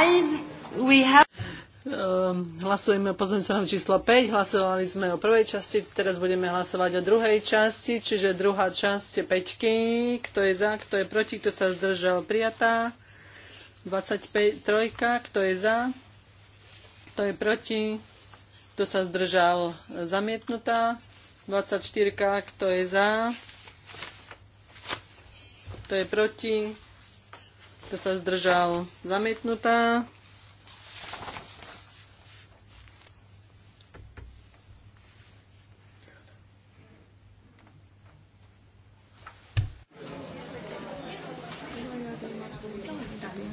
have... Ehm, hlasujeme o pozmeňujúcom číslo 5, hlasovali sme o prvej časti, teraz budeme hlasovať o druhej časti, čiže druhá časť je 5, kto je za, kto je proti, kto sa zdržal, prijatá. 23, kto je za, kto je proti, kto sa zdržal, zamietnutá. 24, kto je za, kto je proti, kto sa zdržal, zamietnutá.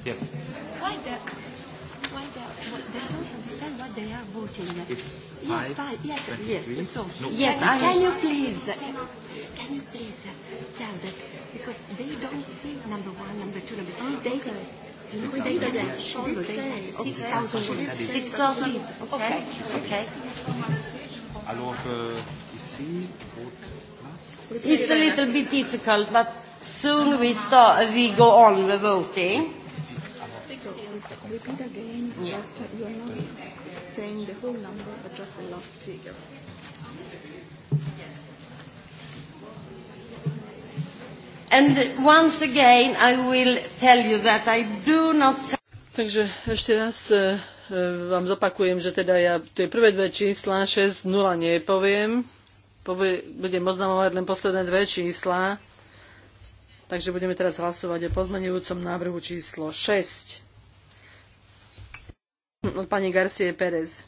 Yes. Why the, why the, they don't understand what they are voting. It's Yes, yes, yes. No. yes can, you please, uh, can you please uh, tell that because they don't number one, number two, number three. Okay. It's a little bit difficult, but soon we start, we go on the voting. Repeat again, yeah saying the whole number, but just the last figure. And once again, I will tell you that I do not... Takže ešte raz e, e, vám zopakujem, že teda ja tie prvé dve čísla 6-0 nepoviem. Povie, budem oznamovať len posledné dve čísla. Takže budeme teraz hlasovať o pozmenujúcom návrhu číslo 6 od pani Garcie Perez.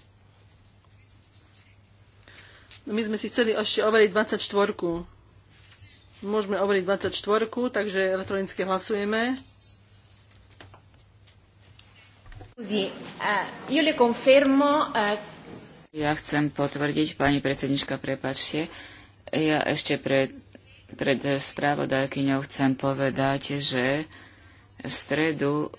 No, my sme si chceli ešte overiť 24. -ku. Môžeme overiť 24, takže elektronicky hlasujeme. Eh, eh, ja chcem potvrdiť, pani predsednička, prepačte, ja ešte pred, pred správodajkyňou chcem povedať, že v stredu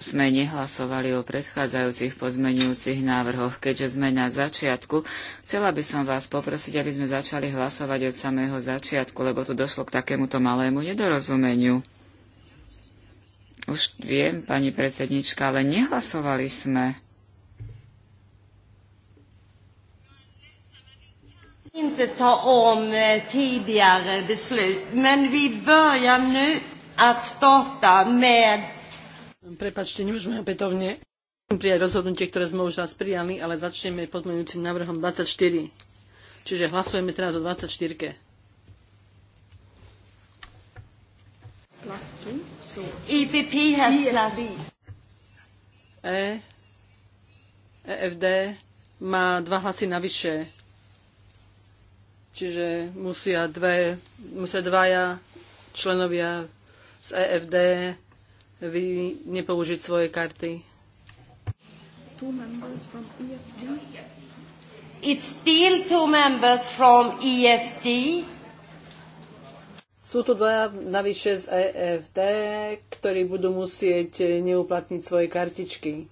sme nehlasovali o predchádzajúcich pozmenujúcich návrhoch. Keďže sme na začiatku, chcela by som vás poprosiť, aby sme začali hlasovať od samého začiatku, lebo tu došlo k takémuto malému nedorozumeniu. Už viem, pani predsednička, ale nehlasovali sme. inte ta om eh, tidigare beslut, men vi börjar nu att starta med Prepačte, nemôžeme opätovne prijať rozhodnutie, ktoré sme už raz prijali, ale začneme podmenujúcim návrhom 24. Čiže hlasujeme teraz o 24. -ke. EPP has e plus. E, EFD má dva hlasy navyše. Čiže musia, dve, musia dvaja členovia z EFD vy nepoužiť svoje karty. E It's still two members from EFD. Sú tu dvaja navyše z EFD, ktorí budú musieť neuplatniť svoje kartičky,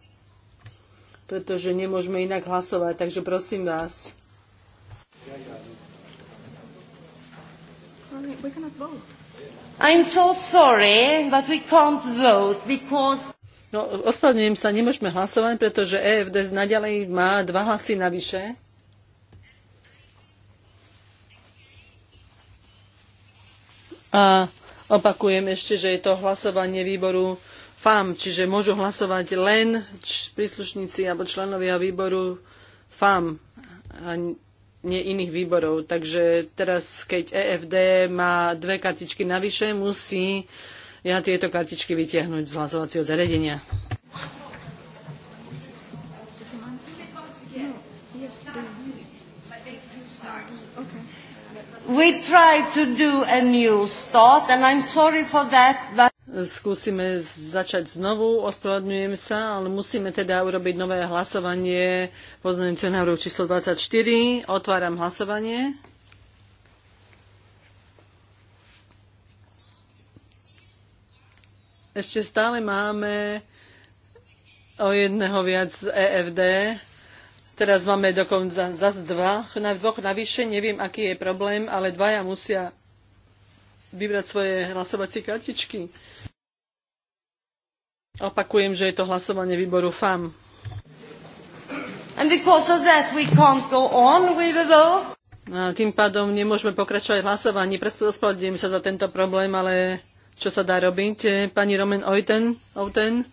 pretože nemôžeme inak hlasovať, takže prosím vás. Sorry, we cannot vote. I'm so sorry, but we can't vote because... No, ospravedlňujem sa, nemôžeme hlasovať, pretože EFD naďalej má dva hlasy navyše. A opakujem ešte, že je to hlasovanie výboru FAM, čiže môžu hlasovať len príslušníci alebo členovia výboru FAM. A nie iných výborov. Takže teraz, keď EFD má dve kartičky navyše, musí ja tieto kartičky vytiahnuť z hlasovacieho zariadenia. We try to do a new start, and I'm sorry for that, but skúsime začať znovu, ospravedlňujem sa, ale musíme teda urobiť nové hlasovanie pozmeňujúceho návrhu číslo 24. Otváram hlasovanie. Ešte stále máme o jedného viac z EFD. Teraz máme dokonca zase dva, na dvoch navyše, neviem, aký je problém, ale dvaja musia vybrať svoje hlasovacie kartičky. Opakujem, že je to hlasovanie výboru FAM. And because of that we can't go on with the vote. A tým pádom nemôžeme pokračovať v hlasovaní. Presto ospravedlňujem sa za tento problém, ale čo sa dá robiť? Pani Roman Oiten. Outen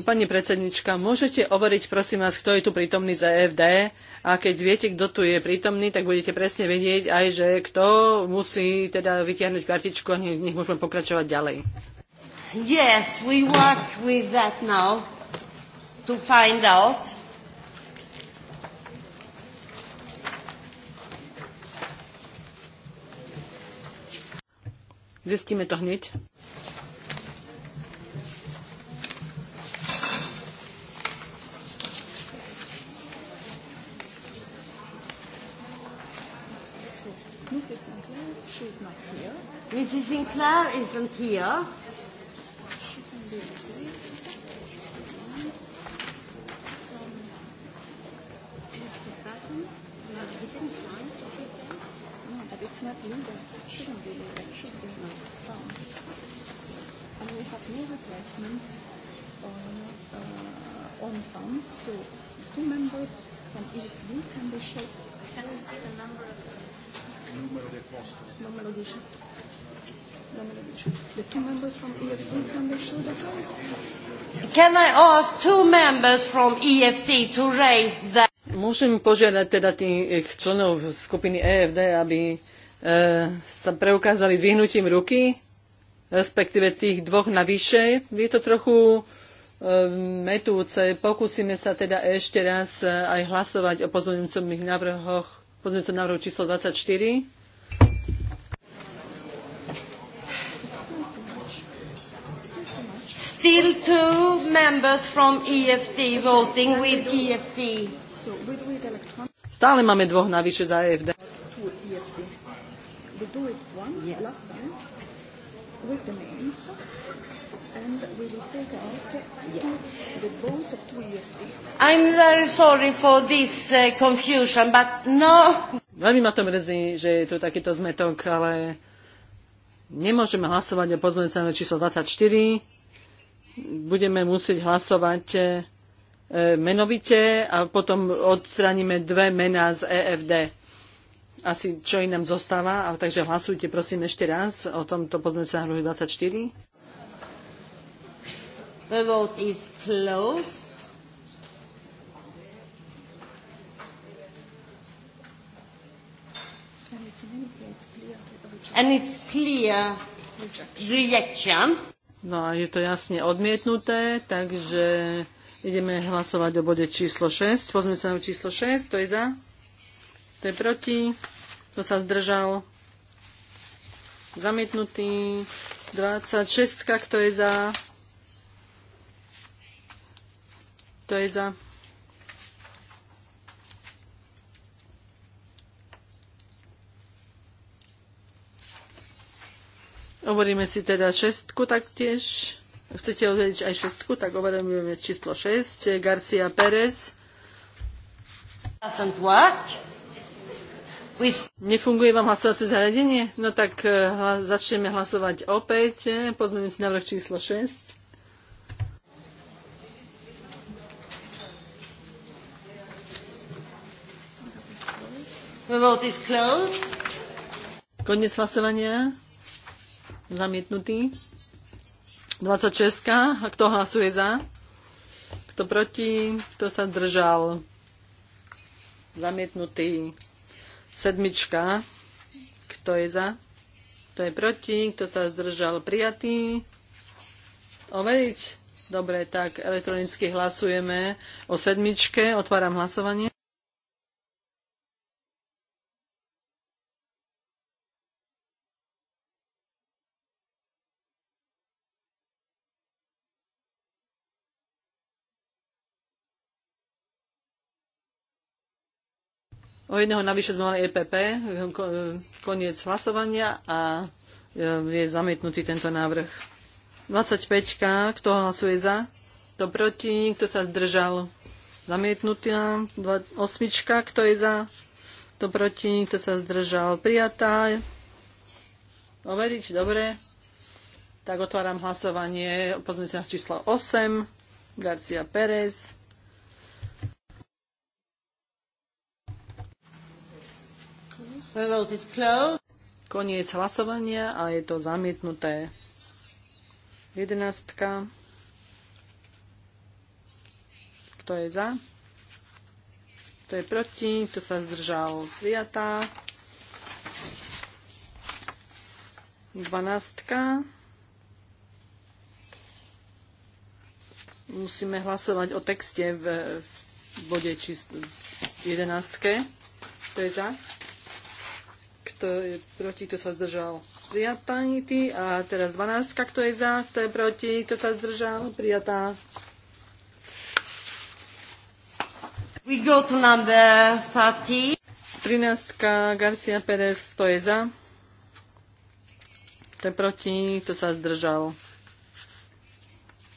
Pani predsednička, môžete overiť prosím vás, kto je tu prítomný za EFD a keď viete, kto tu je prítomný, tak budete presne vedieť aj, že kto musí teda vytiahnuť kartičku a nech môžeme pokračovať ďalej. Yes, we work with that now to find out. Zistíme to hneď. Mrs. Sinclair isn't here. not It shouldn't be should be found. And we have no replacement on, uh, on So two members from each group can be Can we see the number of the Numero Numero Can I ask two members from EFD to raise that? Môžem požiadať teda tých eh, členov skupiny EFD, aby e, sa preukázali dvihnutím ruky, respektíve tých dvoch na navyše. Je to trochu eh, metúce. Pokúsime sa teda ešte raz aj hlasovať o pozmeňujúcich návrhoch, pozmeňujúcom návrhu číslo 24. Still two members from EFT voting with EFT. Stále máme dvoch navyše za EFD. E I'm very sorry for this uh, confusion, but no. Veľmi ma to mrzí, že je tu takýto zmetok, ale nemôžeme hlasovať o pozmeňujúcom číslo 24 budeme musieť hlasovať e, menovite a potom odstraníme dve mená z EFD. Asi čo iné nám zostáva, a takže hlasujte prosím ešte raz o tomto pozmeňujúcom návrhu 24. The vote is closed. And it's clear rejection. No a je to jasne odmietnuté, takže ideme hlasovať o bode číslo 6. Pozme sa na číslo 6, to je za, to je proti, to sa zdržal, zamietnutý, 26, kto je za, to je za. Hovoríme si teda šestku taktiež. Chcete overiť aj šestku, tak hovoríme číslo 6. Garcia Pérez. Nefunguje vám hlasovacie zariadenie? No tak eh, hla, začneme hlasovať opäť. Pozmeme si návrh číslo 6. The vote is closed. Konec hlasovania. Zamietnutý. 26. A kto hlasuje za? Kto proti? Kto sa držal? Zamietnutý. Sedmička. Kto je za? Kto je proti? Kto sa zdržal? Prijatý. Overiť? Dobre, tak elektronicky hlasujeme o sedmičke. Otváram hlasovanie. O jedného navyše sme mali EPP, eh, eh, koniec hlasovania a eh, je zamietnutý tento návrh. 25. Kto hlasuje za? Kto proti? Kto sa zdržal? Zamietnutá. 8, Kto je za? Kto proti? Kto sa zdržal? Prijatá. Overiť? Dobre. Tak otváram hlasovanie. Pozme sa číslo 8. Garcia Pérez. Koniec hlasovania a je to zamietnuté. Jedenáctka. Kto je za? Kto je proti? Kto sa zdržal? Prijatá. Dvanáctka. Musíme hlasovať o texte v, bode číslo jedenáctke. Kto je za? kto je proti, kto sa zdržal. ty A teraz 12, kto je za, kto je proti, kto sa zdržal. Prijatá. We go to number 30. 13. Garcia Pérez, to je za. To je proti, to sa zdržal.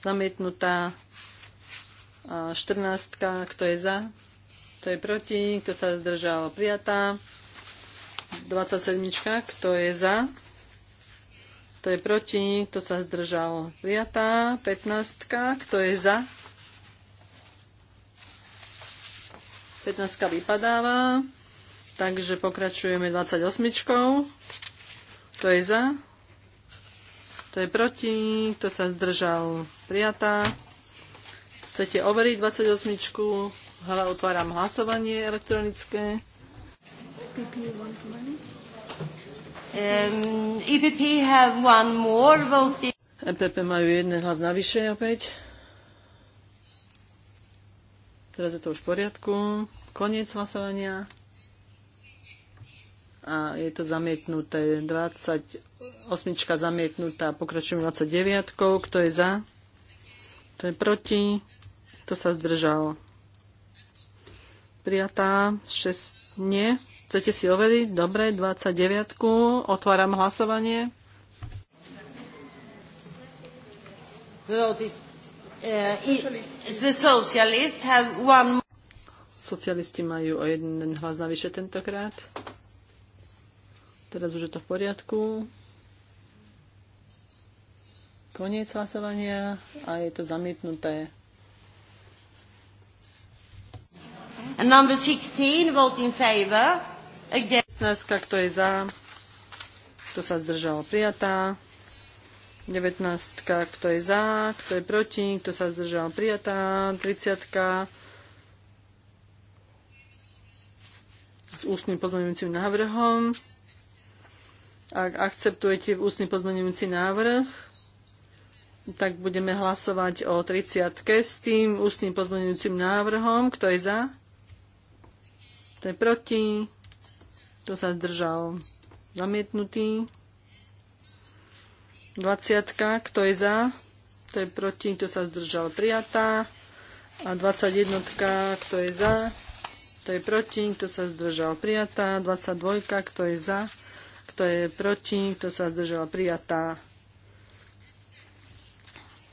Zamietnutá. A 14. Kto je za? To je proti, kto sa zdržal. Prijatá. 27. Kto je za? Kto je proti? Kto sa zdržal? Prijatá. 15. Kto je za? 15 vypadáva. Takže pokračujeme 28. Kto je za? Kto je proti? Kto sa zdržal? Prijatá. Chcete overiť 28? Hla, otváram hlasovanie elektronické. EPP want money? Um, EPP have one more vote. EPP majú jeden hlas navyše opäť. Teraz je to už v poriadku. Koniec hlasovania. A je to zamietnuté. 28 zamietnutá. Pokračujeme 29. Kto je za? Kto je proti? Kto sa zdržal? Prijatá. 6 nie. Chcete si overiť? Dobre, 29. Otváram hlasovanie. Uh, Socialisti majú o jeden hlas navyše tentokrát. Teraz už je to v poriadku. Koniec hlasovania a je to zamietnuté. And number 16, vote in favor. 16, kto je za, kto sa zdržal, prijatá. 19, kto je za, kto je proti, kto sa zdržal, prijatá. 30, s ústnym pozmeňujúcim návrhom. Ak akceptujete ústny pozmeňujúci návrh, tak budeme hlasovať o 30 s tým ústnym pozmeňujúcim návrhom. Kto je za? Kto je proti? To sa zdržal? Zamietnutý. 20. Kto je za? to je proti? to sa zdržal? Prijatá. A 21. Kto je za? to je proti? to sa zdržal? Prijatá. 22. Kto je za? Kto je proti? to sa zdržal? Prijatá.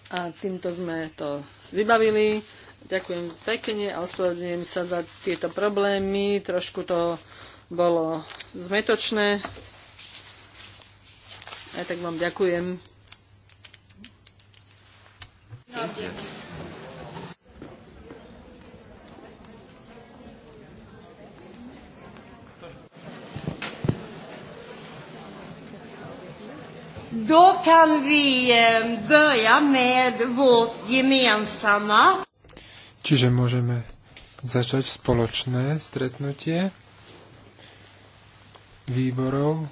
A týmto sme to vybavili. Ďakujem pekne a ospravedlňujem sa za tieto problémy. Trošku to bolo zmetočné. Aj tak vám ďakujem. Då kan vi eh, börja med vårt gemensamma. Čiže môžeme začať spoločné stretnutie výborov,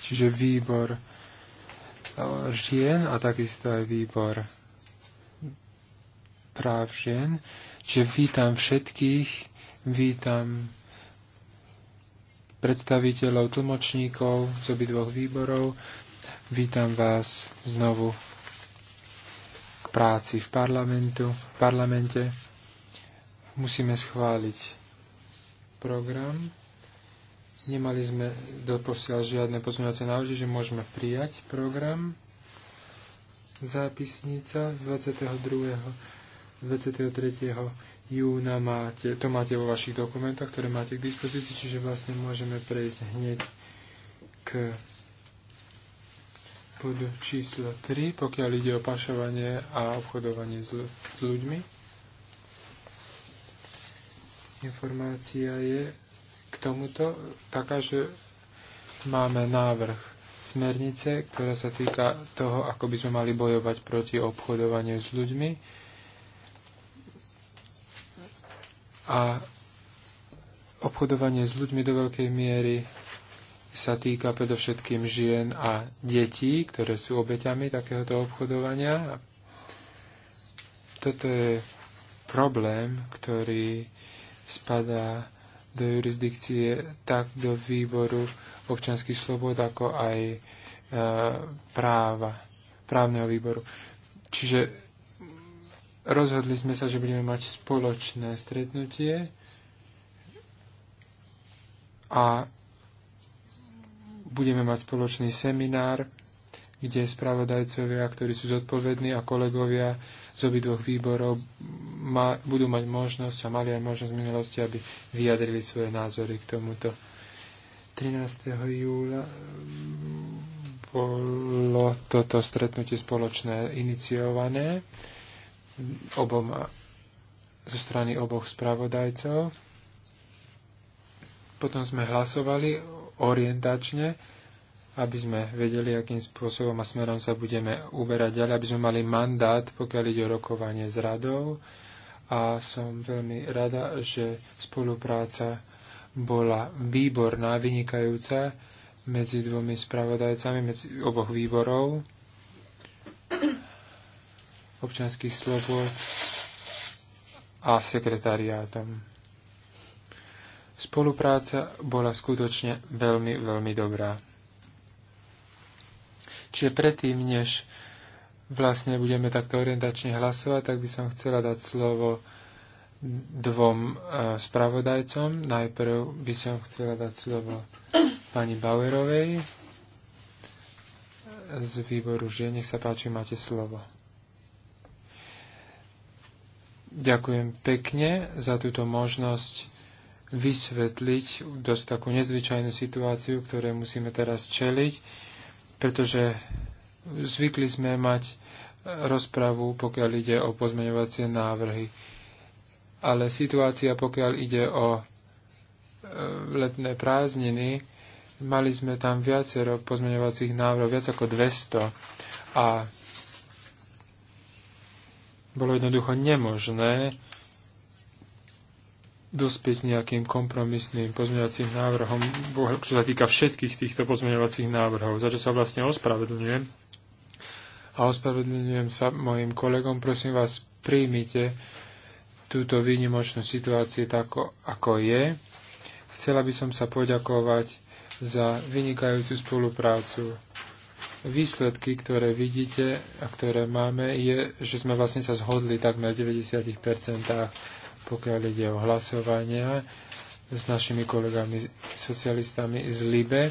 čiže výbor e, žien a takisto aj výbor práv žien. Čiže vítam všetkých, vítam predstaviteľov, tlmočníkov z obidvoch výborov. Vítam vás znovu k práci v, parlamentu, v parlamente. Musíme schváliť program. Nemali sme doposiaľ žiadne pozmeňovacie návrhy, že môžeme prijať program zápisnica z 22. 23. júna máte, to máte vo vašich dokumentoch, ktoré máte k dispozícii, čiže vlastne môžeme prejsť hneď k bodu číslo 3, pokiaľ ide o pašovanie a obchodovanie s, s ľuďmi. Informácia je, k tomuto taká, že máme návrh smernice, ktorá sa týka toho, ako by sme mali bojovať proti obchodovaniu s ľuďmi. A obchodovanie s ľuďmi do veľkej miery sa týka predovšetkým žien a detí, ktoré sú obeťami takéhoto obchodovania. Toto je problém, ktorý spadá do jurisdikcie tak do výboru občanských slobod, ako aj e, práva, právneho výboru. Čiže rozhodli sme sa, že budeme mať spoločné stretnutie a budeme mať spoločný seminár, kde spravodajcovia, ktorí sú zodpovední a kolegovia z obidvoch výborov ma, budú mať možnosť a mali aj možnosť v minulosti, aby vyjadrili svoje názory k tomuto. 13. júla bolo toto stretnutie spoločné iniciované oboma, zo strany oboch spravodajcov. Potom sme hlasovali orientačne aby sme vedeli, akým spôsobom a smerom sa budeme uberať ďalej, aby sme mali mandát, pokiaľ ide o rokovanie s radou. A som veľmi rada, že spolupráca bola výborná, vynikajúca medzi dvomi spravodajcami, medzi oboch výborov občanských slobod a sekretariátom. Spolupráca bola skutočne veľmi, veľmi dobrá. Čiže predtým, než vlastne budeme takto orientačne hlasovať, tak by som chcela dať slovo dvom e, spravodajcom. Najprv by som chcela dať slovo pani Bauerovej z výboru žien. Nech sa páči, máte slovo. Ďakujem pekne za túto možnosť vysvetliť dosť takú nezvyčajnú situáciu, ktoré musíme teraz čeliť pretože zvykli sme mať rozpravu, pokiaľ ide o pozmeňovacie návrhy. Ale situácia, pokiaľ ide o e, letné prázdniny, mali sme tam viacero pozmeňovacích návrhov, viac ako 200. A bolo jednoducho nemožné dospieť nejakým kompromisným pozmeňovacím návrhom, čo sa týka všetkých týchto pozmeňovacích návrhov, za čo sa vlastne ospravedlňujem. A ospravedlňujem sa mojim kolegom, prosím vás, príjmite túto výnimočnú situáciu tak, ako je. Chcela by som sa poďakovať za vynikajúcu spoluprácu. Výsledky, ktoré vidíte a ktoré máme, je, že sme vlastne sa zhodli takmer na 90 pokiaľ ide o hlasovania s našimi kolegami socialistami z Libe.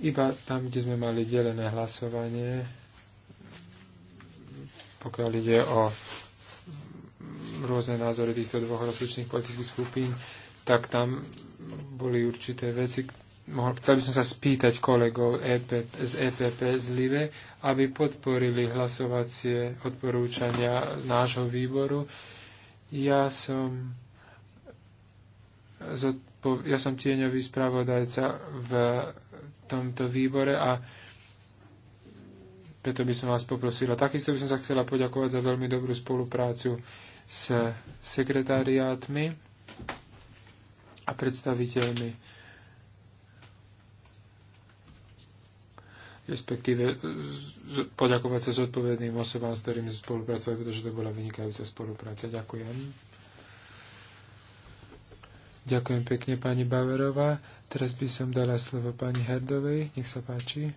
Iba tam, kde sme mali delené hlasovanie, pokiaľ ide o rôzne názory týchto dvoch rozličných politických skupín, tak tam boli určité veci, mohol, chcel by som sa spýtať kolegov EP, z EPP z Live, aby podporili hlasovacie odporúčania nášho výboru. Ja som ja som tieňový spravodajca v tomto výbore a preto by som vás poprosila. Takisto by som sa chcela poďakovať za veľmi dobrú spoluprácu s sekretariátmi a predstaviteľmi respektíve poďakovať sa zodpovedným osobám, s ktorými spolupracovali, pretože to bola vynikajúca spolupráca. Ďakujem. Ďakujem pekne pani Baverová. Teraz by som dala slovo pani Herdovej. Nech sa páči.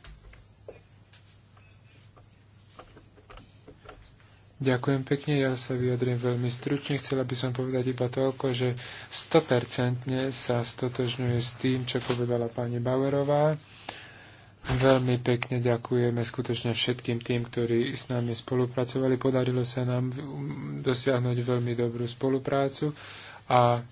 Ďakujem pekne, ja sa vyjadrím veľmi stručne. Chcela by som povedať iba toľko, že 100% sa stotožňuje s tým, čo povedala pani Bauerová. Veľmi pekne ďakujeme skutočne všetkým tým, ktorí s nami spolupracovali. Podarilo sa nám um, dosiahnuť veľmi dobrú spoluprácu a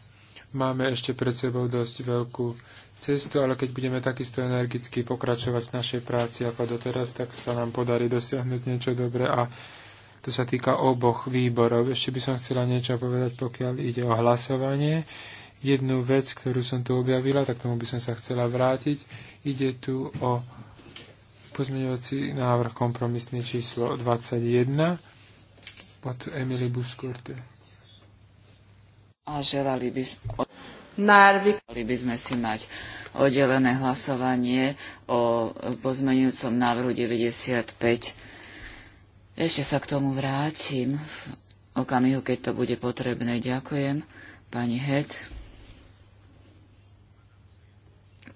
máme ešte pred sebou dosť veľkú cestu, ale keď budeme takisto energicky pokračovať v našej práci ako doteraz, tak sa nám podarí dosiahnuť niečo dobré a to sa týka oboch výborov. Ešte by som chcela niečo povedať, pokiaľ ide o hlasovanie jednu vec, ktorú som tu objavila, tak tomu by som sa chcela vrátiť. Ide tu o pozmeňovací návrh kompromisný číslo 21 od Emily Buskurte. A želali by, želali by sme si mať oddelené hlasovanie o pozmeňujúcom návrhu 95. Ešte sa k tomu vrátim v okamihu, keď to bude potrebné. Ďakujem, pani Het.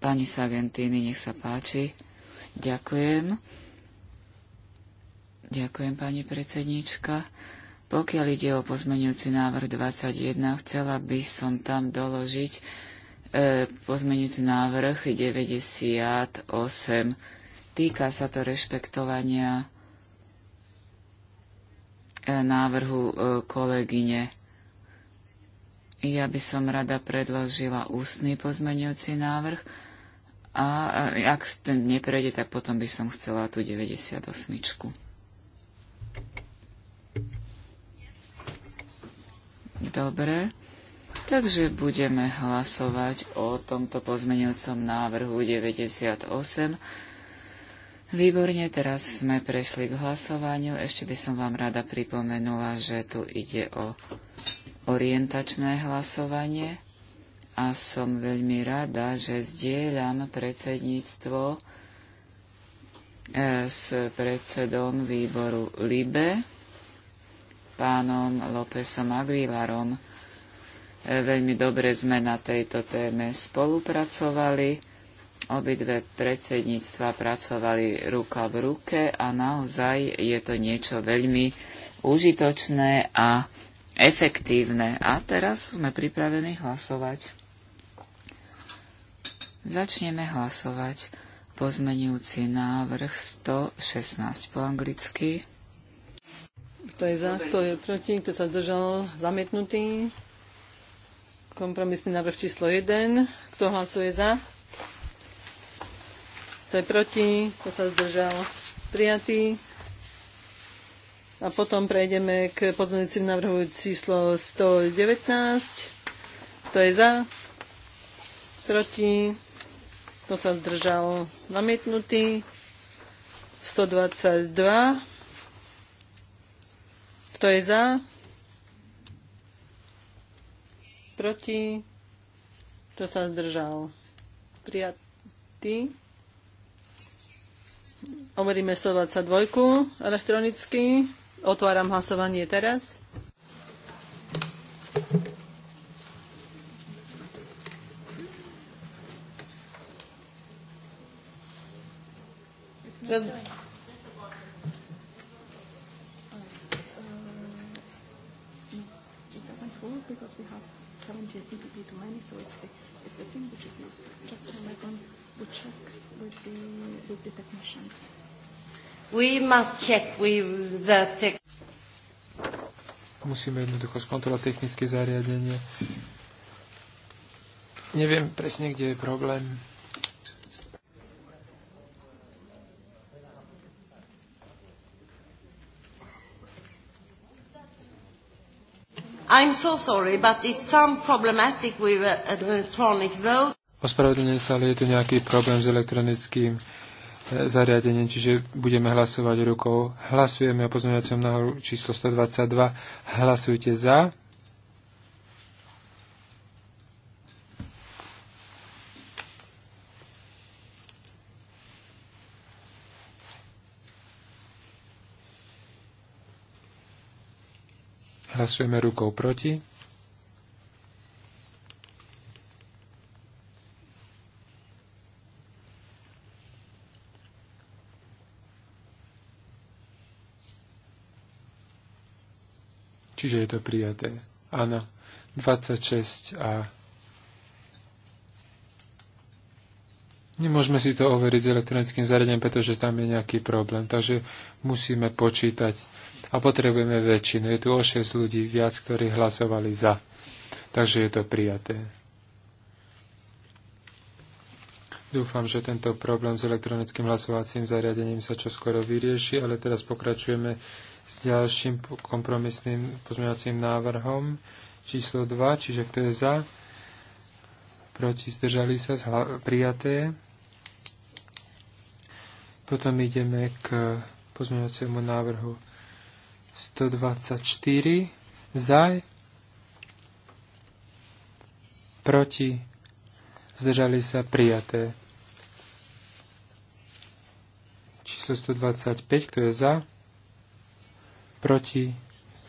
Pani Argentíny, nech sa páči. Ďakujem. Ďakujem, pani predsednička. Pokiaľ ide o pozmenujúci návrh 21, chcela by som tam doložiť e, pozmenujúci návrh 98. Týka sa to rešpektovania e, návrhu e, kolegyne. Ja by som rada predložila ústny pozmenujúci návrh, a e, ak ten neprejde, tak potom by som chcela tú 98. Dobre. Takže budeme hlasovať o tomto pozmeňujúcom návrhu 98. Výborne, teraz sme prešli k hlasovaniu. Ešte by som vám rada pripomenula, že tu ide o orientačné hlasovanie a som veľmi rada, že zdieľam predsedníctvo e, s predsedom výboru LIBE, pánom Lópezom Aguilarom. E, veľmi dobre sme na tejto téme spolupracovali. Obidve predsedníctva pracovali ruka v ruke a naozaj je to niečo veľmi užitočné a efektívne. A teraz sme pripravení hlasovať. Začneme hlasovať pozmenujúci návrh 116 po anglicky. Kto je za, kto je proti, kto sa držal zamietnutý. Kompromisný návrh číslo 1. Kto hlasuje za? Kto je proti? Kto sa zdržal? Prijatý. A potom prejdeme k pozmeňujúcim návrhu číslo 119. Kto je za? Proti? Kto sa zdržal? Zamietnutý. 122. Kto je za? Proti? Kto sa zdržal? Prijatý. Overíme 122 elektronicky. Otváram hlasovanie teraz. The, it doesn't work because we have 70 PPP too many, so it's the, it's the thing which is not just a weapon. We check with the, with the technicians. We must check with the tech Musíme jednoducho skontrolovať technické zariadenie. Neviem presne, kde je problém. so sorry, but it's some problematic with uh, electronic vote. Ospravedlňujem sa, ale je tu nejaký problém s elektronickým e, zariadením, čiže budeme hlasovať rukou. Hlasujeme o pozmeňovacom návrhu číslo 122. Hlasujte za. Hlasujeme rukou proti. Čiže je to prijaté. Áno. 26 a Nemôžeme si to overiť s elektronickým zariadením, pretože tam je nejaký problém. Takže musíme počítať a potrebujeme väčšinu. Je tu o 6 ľudí viac, ktorí hlasovali za. Takže je to prijaté. Dúfam, že tento problém s elektronickým hlasovacím zariadením sa čoskoro vyrieši, ale teraz pokračujeme s ďalším kompromisným pozmeňovacím návrhom číslo 2, čiže kto je za, proti, zdržali sa, prijaté. Potom ideme k pozmeňovaciemu návrhu 124 za, proti, zdržali sa prijaté. Číslo 125, kto je za, proti,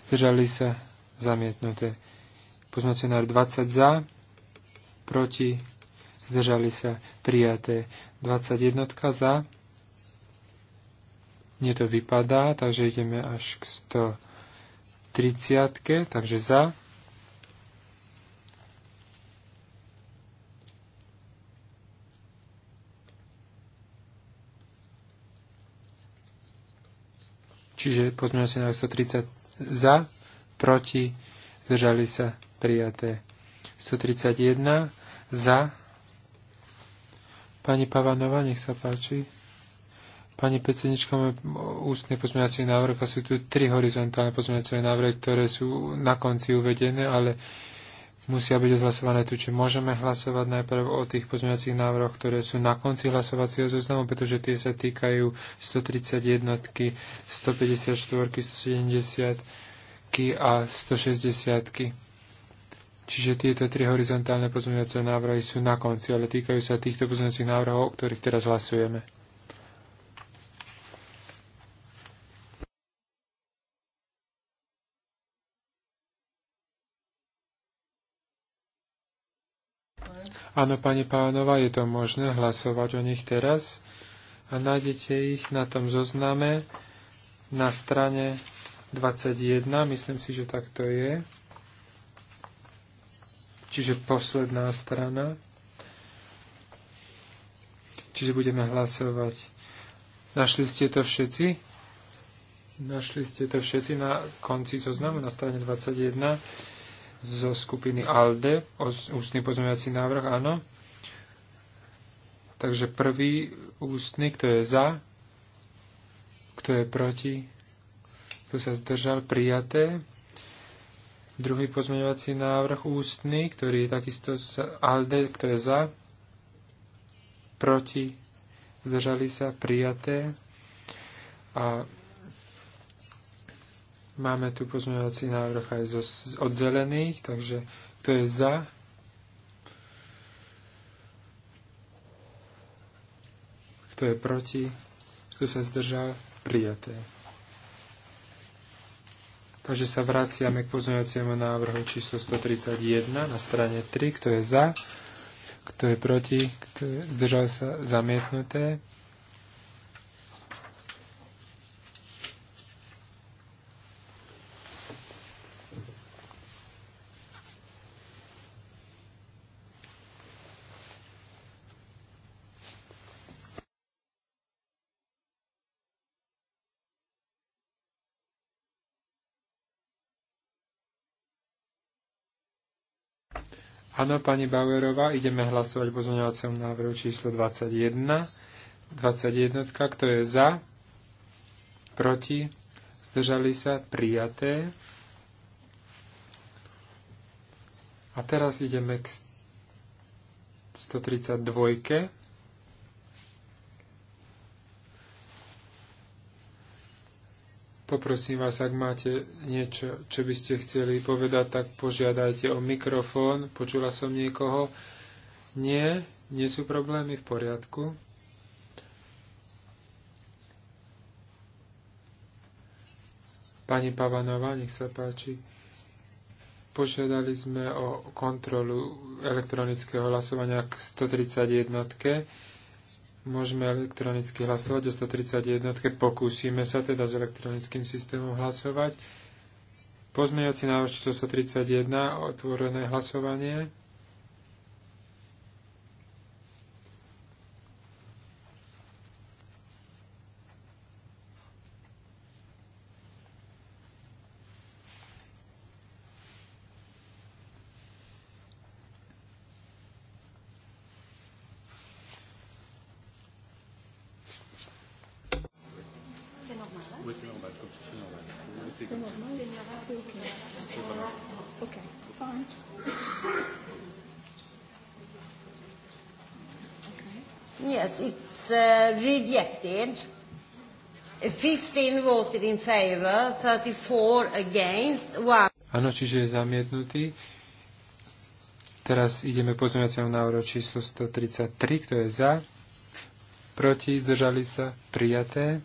zdržali sa zamietnuté. Poznacionár 20 za, proti, zdržali sa prijaté. 21 za, nie to vypadá, takže ideme až k 130, takže za. Čiže poďme si na 130 za, proti, zdržali sa prijaté. 131 za. Pani Pavanova, nech sa páči. Pani predsednička, máme ústne pozmeňací návrh a sú tu tri horizontálne pozmeňacie návrhy, ktoré sú na konci uvedené, ale musia byť odhlasované tu, či môžeme hlasovať najprv o tých pozmeňacích návrhoch, ktoré sú na konci hlasovacieho zoznamu, pretože tie sa týkajú 131, 154, 170 a 160. Čiže tieto tri horizontálne pozmeňovacie návrhy sú na konci, ale týkajú sa týchto pozmeňovacích návrhov, o ktorých teraz hlasujeme. Áno, pani pánova, je to možné hlasovať o nich teraz a nájdete ich na tom zozname na strane 21, myslím si, že tak to je. Čiže posledná strana. Čiže budeme hlasovať. Našli ste to všetci? Našli ste to všetci na konci zoznamu na strane 21 zo skupiny ALDE, ústny pozmeňovací návrh, áno. Takže prvý ústny, kto je za, kto je proti, kto sa zdržal, prijaté. Druhý pozmeňovací návrh ústny, ktorý je takisto z ALDE, kto je za, proti, zdržali sa, prijaté. A Máme tu pozmeňovací návrh aj zo, od zelených, takže kto je za? Kto je proti? Kto sa zdržal? Prijaté. Takže sa vraciame k pozmeňovaciemu návrhu číslo 131 na strane 3. Kto je za? Kto je proti? Kto je, zdržal sa? Zamietnuté. Áno, pani Bauerová, ideme hlasovať po pozmeňovacom návrhu číslo 21. 21, kto je za, proti, zdržali sa, prijaté. A teraz ideme k 132. Poprosím vás, ak máte niečo, čo by ste chceli povedať, tak požiadajte o mikrofón. Počula som niekoho. Nie, nie sú problémy v poriadku. Pani Pavanová, nech sa páči. Požiadali sme o kontrolu elektronického hlasovania k 131. Môžeme elektronicky hlasovať o 131. Pokúsime sa teda s elektronickým systémom hlasovať. Pozmeňovací návrh číslo 131, otvorené hlasovanie. Yes, it's uh, rejected. 15 voted in favor, 34 against, one. Áno, čiže je zamietnutý. Teraz ideme pozmeňovaciemu návrhu číslo 133, kto je za, proti, zdržali sa, prijaté.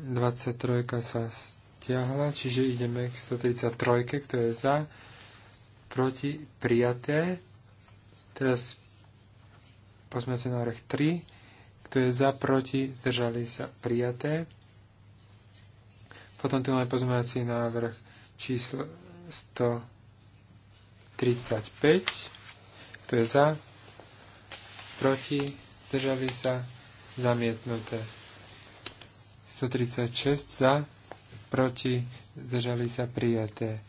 23 sa stiahla, čiže ideme k 133, kto je za, proti, prijaté. Teraz pozme sa návrh 3, kto je za, proti, zdržali sa, prijaté. Potom tu máme pozmeňovací návrh číslo 135, kto je za, proti, zdržali sa, zamietnuté. 136 za, proti, zdržali sa prijaté.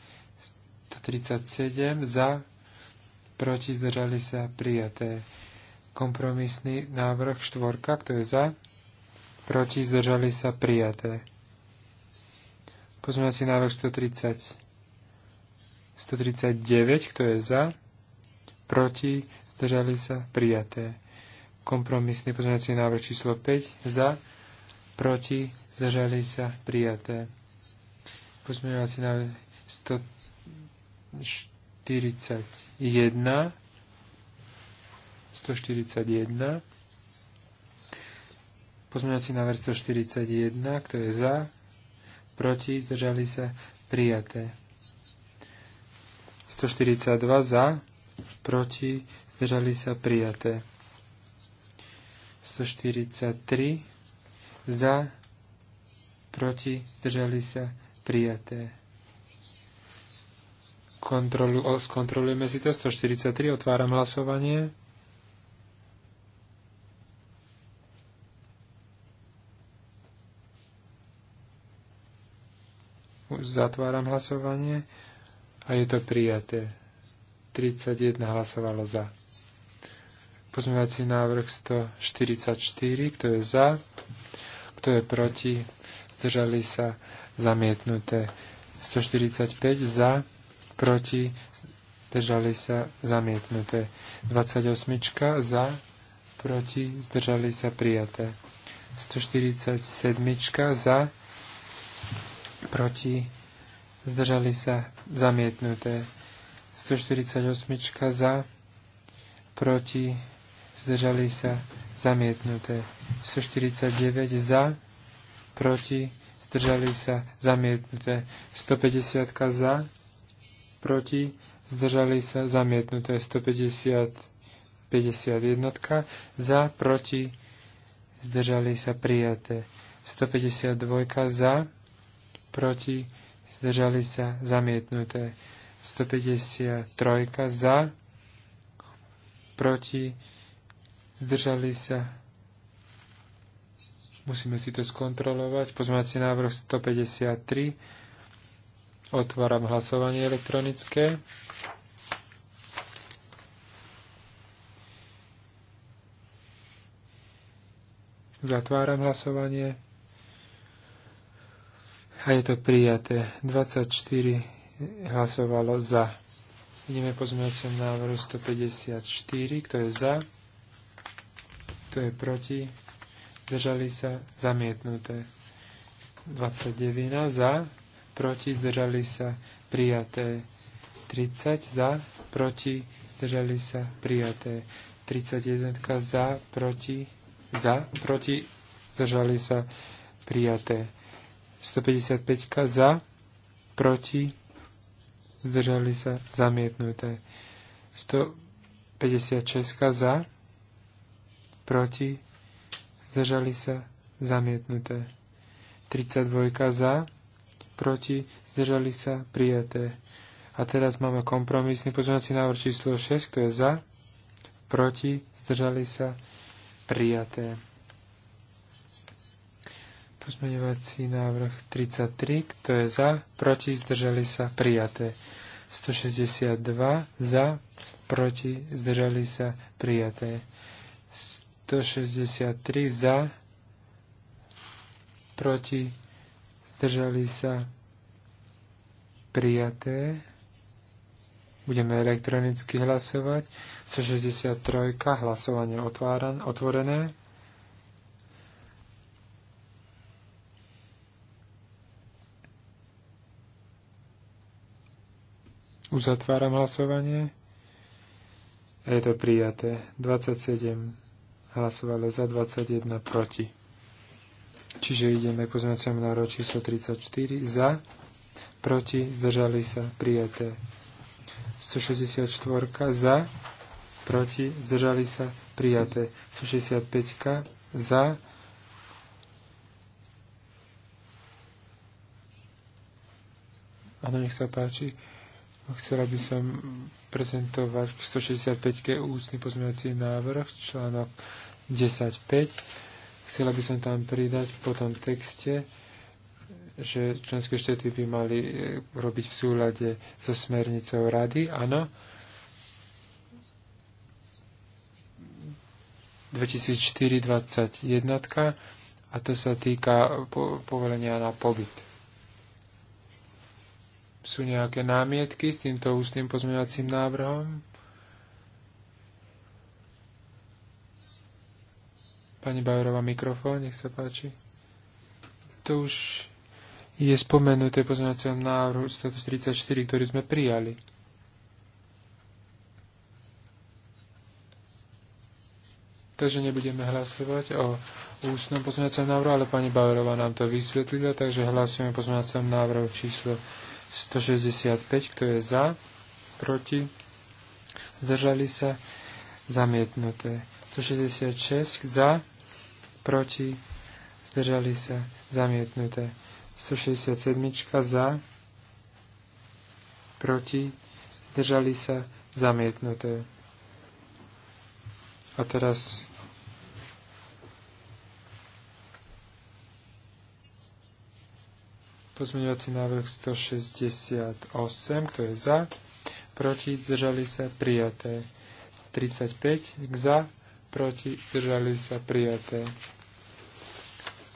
137 za, proti, zdržali sa prijaté. Kompromisný návrh štvorka, kto je za, proti, zdržali sa prijaté. Pozmeňovací návrh 130. 139, kto je za, proti, zdržali sa prijaté. Kompromisný pozmeňovací návrh číslo 5 za, proti, zažali sa, prijaté. asi na 141, 141, na návrh 141, kto je za, proti, zdržali sa, prijaté. 142 za, proti, zdržali sa, prijaté. 143 za, proti, zdržali sa, prijaté. Kontrolu, o, skontrolujeme si to, 143, otváram hlasovanie. Už zatváram hlasovanie a je to prijaté. 31 hlasovalo za. Pozmevací návrh 144, kto je za, kto je proti, zdržali sa zamietnuté. 145 za, proti, zdržali sa zamietnuté. 28 za, proti, zdržali sa prijaté. 147 za, proti, zdržali sa zamietnuté. 148 za, proti, zdržali sa zamietnuté. 149 za, proti, zdržali sa zamietnuté. 150 za, proti, zdržali sa zamietnuté. 150 51 za, proti, zdržali sa prijaté. 152 za, proti, zdržali sa zamietnuté. 153 za, proti, zdržali sa Musíme si to skontrolovať. si návrh 153. Otváram hlasovanie elektronické. Zatváram hlasovanie. A je to prijaté. 24 hlasovalo za. Ideme pozmeňujúcem návrhu 154. Kto je za? Kto je proti? zdržali sa, zamietnuté. 29 za, proti, zdržali sa, prijaté. 30 za, proti, zdržali sa, prijaté. 31 za, proti, za, proti, zdržali sa, prijaté. 155 za, proti, zdržali sa, zamietnuté. 156 za, proti, zdržali sa, zamietnuté. 32 za, proti, zdržali sa, prijaté. A teraz máme kompromisný pozornací návrh číslo 6, kto je za, proti, zdržali sa, prijaté. Pozmeňovací návrh 33, kto je za, proti, zdržali sa, prijaté. 162 za, proti, zdržali sa, prijaté. 163 za, proti, zdržali sa prijaté. Budeme elektronicky hlasovať. 163. Hlasovanie otváran, otvorené. Uzatváram hlasovanie. je to prijaté. 27 hlasovalo za 21 proti. Čiže ideme k pozmeňovaciemu návrhu číslo 34 za, proti, zdržali sa, prijaté. 164 za, proti, zdržali sa, prijaté. 165 za, Áno, nech sa páči. Chcela by som prezentovať k 165-ke ústny pozmeňovací návrh, článok 10.5. Chcela by som tam pridať po tom texte, že členské štety by mali e, robiť v súlade so smernicou rady, áno. 2004-21 a to sa týka povolenia na pobyt sú nejaké námietky s týmto ústnym pozmeňovacím návrhom? Pani Bajerová, mikrofón, nech sa páči. To už je spomenuté pozmeňovacím návrhu 134, ktorý sme prijali. Takže nebudeme hlasovať o ústnom pozmeňovacom návrhu, ale pani Bauerová nám to vysvetlila, takže hlasujeme pozmeňovacom návrhu číslo 165, kto je za, proti, zdržali sa, zamietnuté. 166 za, proti, zdržali sa, zamietnuté. 167 za, proti, zdržali sa, zamietnuté. A teraz Pozmeňovací návrh 168, kto je za, proti, zdržali sa, prijaté. 35, za, proti, zdržali sa, prijaté.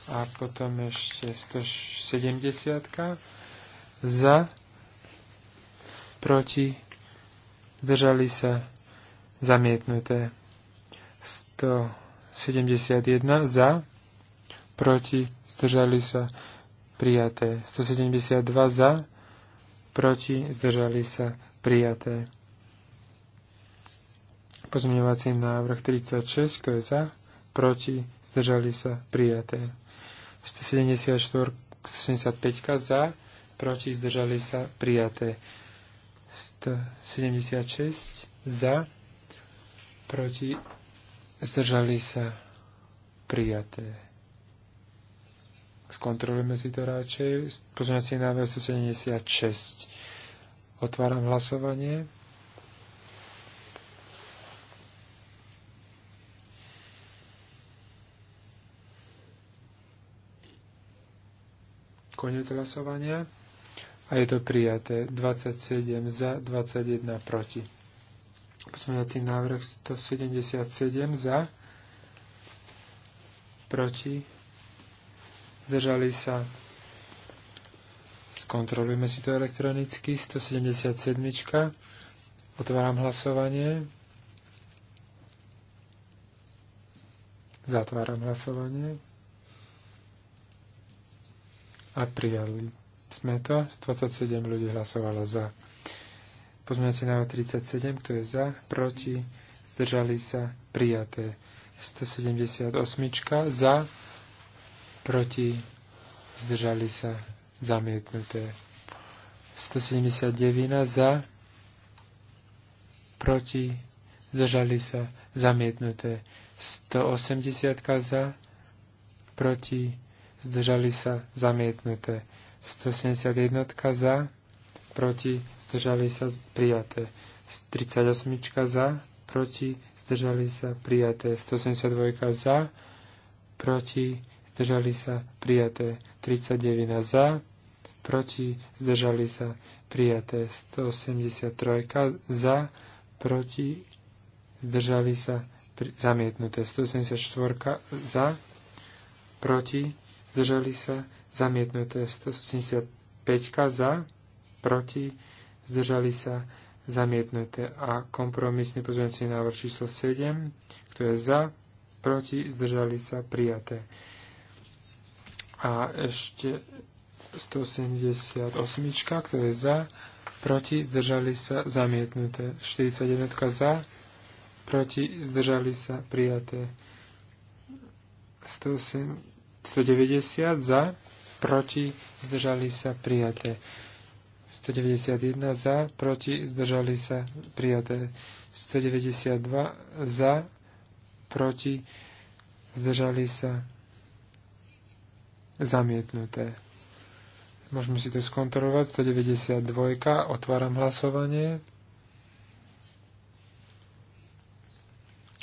A potom ešte 170, za, proti, zdržali sa, zamietnuté. 171, za, proti, zdržali sa, prijaté. 172 za, proti, zdržali sa, prijaté. Pozmeňovací návrh 36, kto je za, proti, zdržali sa, prijaté. 174, 175 za, proti, zdržali sa, prijaté. 176 za, proti, zdržali sa, prijaté. Skontrolujeme si to radšej. Pozornosť návrh 176. Otváram hlasovanie. Konec hlasovania. A je to prijaté. 27 za, 21 proti. Pozmeňovací návrh 177 za, proti zdržali sa. Skontrolujme si to elektronicky. 177. Otváram hlasovanie. Zatváram hlasovanie. A prijali sme to. 27 ľudí hlasovalo za. si návrh 37, kto je za, proti, zdržali sa, prijaté. 178 za, proti, zdržali sa, zamietnuté. 179 za, proti, zdržali sa, zamietnuté. 180 za, proti, zdržali sa, zamietnuté. 171 za, proti, zdržali sa, prijaté. 38 za, proti, zdržali sa, prijaté. 182 za, proti, zdržali sa prijaté 39 za, proti zdržali sa prijaté 183 za, proti zdržali sa pri, zamietnuté 184 za, proti zdržali sa zamietnuté 175 za, proti zdržali sa zamietnuté a kompromisný pozornicí návrh číslo 7, kto je za, proti, zdržali sa, prijaté. A ešte 178, kto je za, proti, zdržali sa, zamietnuté. 41 za, proti, zdržali sa, prijaté. 108, 190 za, proti, zdržali sa, prijaté. 191 za, proti, zdržali sa, prijaté. 192 za, proti, zdržali sa, Zamietnuté. Môžeme si to skontrolovať. 192. Otváram hlasovanie.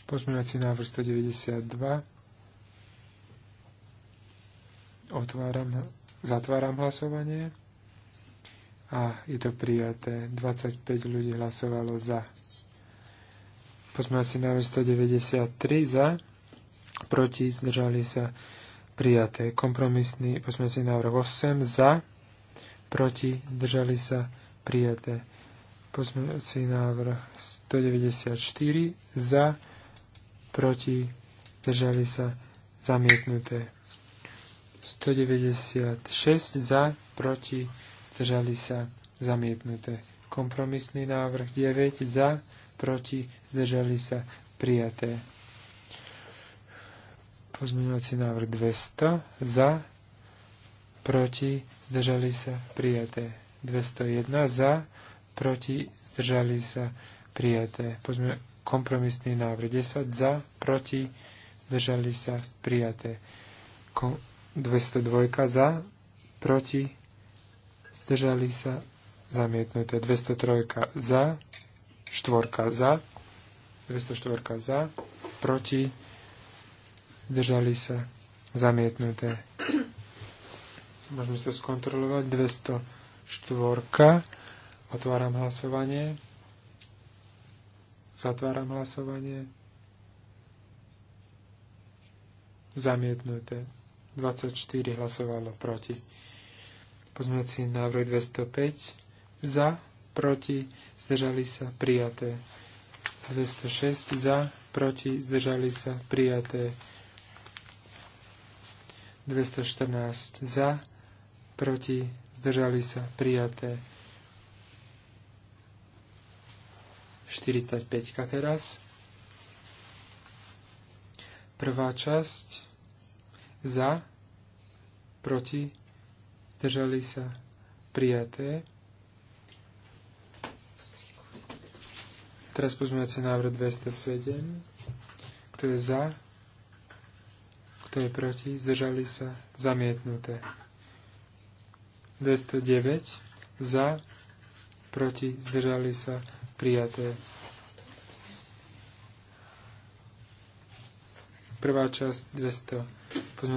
Pozmeňovací návrh 192. Otváram, zatváram hlasovanie. A je to prijaté. 25 ľudí hlasovalo za. Pozmeňovací návrh 193 za. Proti zdržali sa prijaté. Kompromisný pozmeňovací návrh 8 za, proti, zdržali sa, prijaté. Pozmeňovací návrh 194 za, proti, zdržali sa, zamietnuté. 196 za, proti, zdržali sa, zamietnuté. Kompromisný návrh 9 za, proti, zdržali sa, prijaté Pozmeňovací návrh 200 za, proti, zdržali sa, prijaté. 201 za, proti, zdržali sa, prijaté. Pozme kompromisný návrh 10 za, proti, zdržali sa, prijaté. 202 za, proti, zdržali sa, zamietnuté. 203 za, 4 za, 204 za, proti, zdržali sa, zamietnuté. Môžeme si to skontrolovať. 204. Otváram hlasovanie. Zatváram hlasovanie. Zamietnuté. 24 hlasovalo proti. Pozmeňací návrh 205. Za, proti, zdržali sa, prijaté. 206 za, proti, zdržali sa, prijaté. 214 za, proti, zdržali sa, prijaté. 45 teraz. Prvá časť za, proti, zdržali sa, prijaté. Teraz pozmeňujúci návrh 207, kto je za, kto je proti? Zdržali sa? Zamietnuté. 209 za, proti, zdržali sa, prijaté. Prvá časť 200,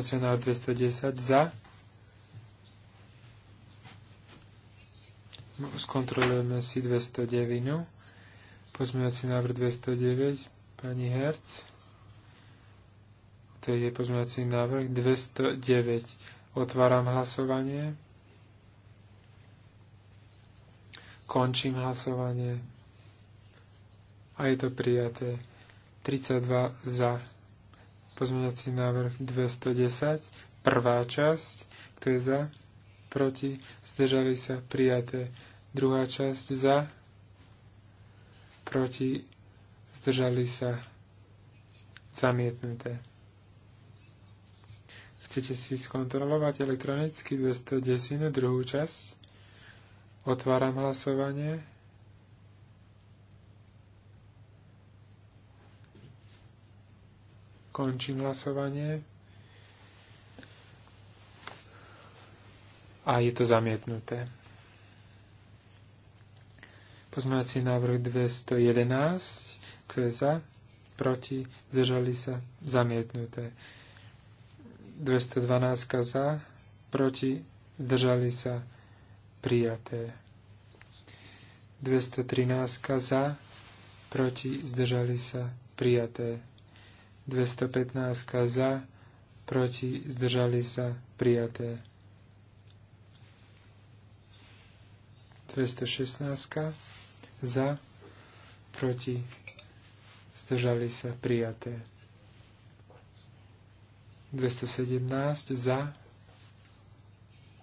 sa na 210 za. Skontrolujeme si 209. si návrh 209, pani Herc. To je pozmeňací návrh 209. Otváram hlasovanie. Končím hlasovanie. A je to prijaté. 32 za. Pozmeňací návrh 210. Prvá časť. Kto je za? Proti. Zdržali sa. Prijaté. Druhá časť za. Proti. Zdržali sa. Zamietnuté. Chcete si skontrolovať elektronicky 210 druhú časť? Otváram hlasovanie. Končím hlasovanie. A je to zamietnuté. Pozmeňovací návrh 211. Kto je za? Proti? Zdržali sa? Zamietnuté. 212 za, proti, zdržali sa, prijaté. 213 za, proti, zdržali sa, prijaté. 215 za, proti, zdržali sa, prijaté. 216 za, proti, zdržali sa, prijaté. 217 za,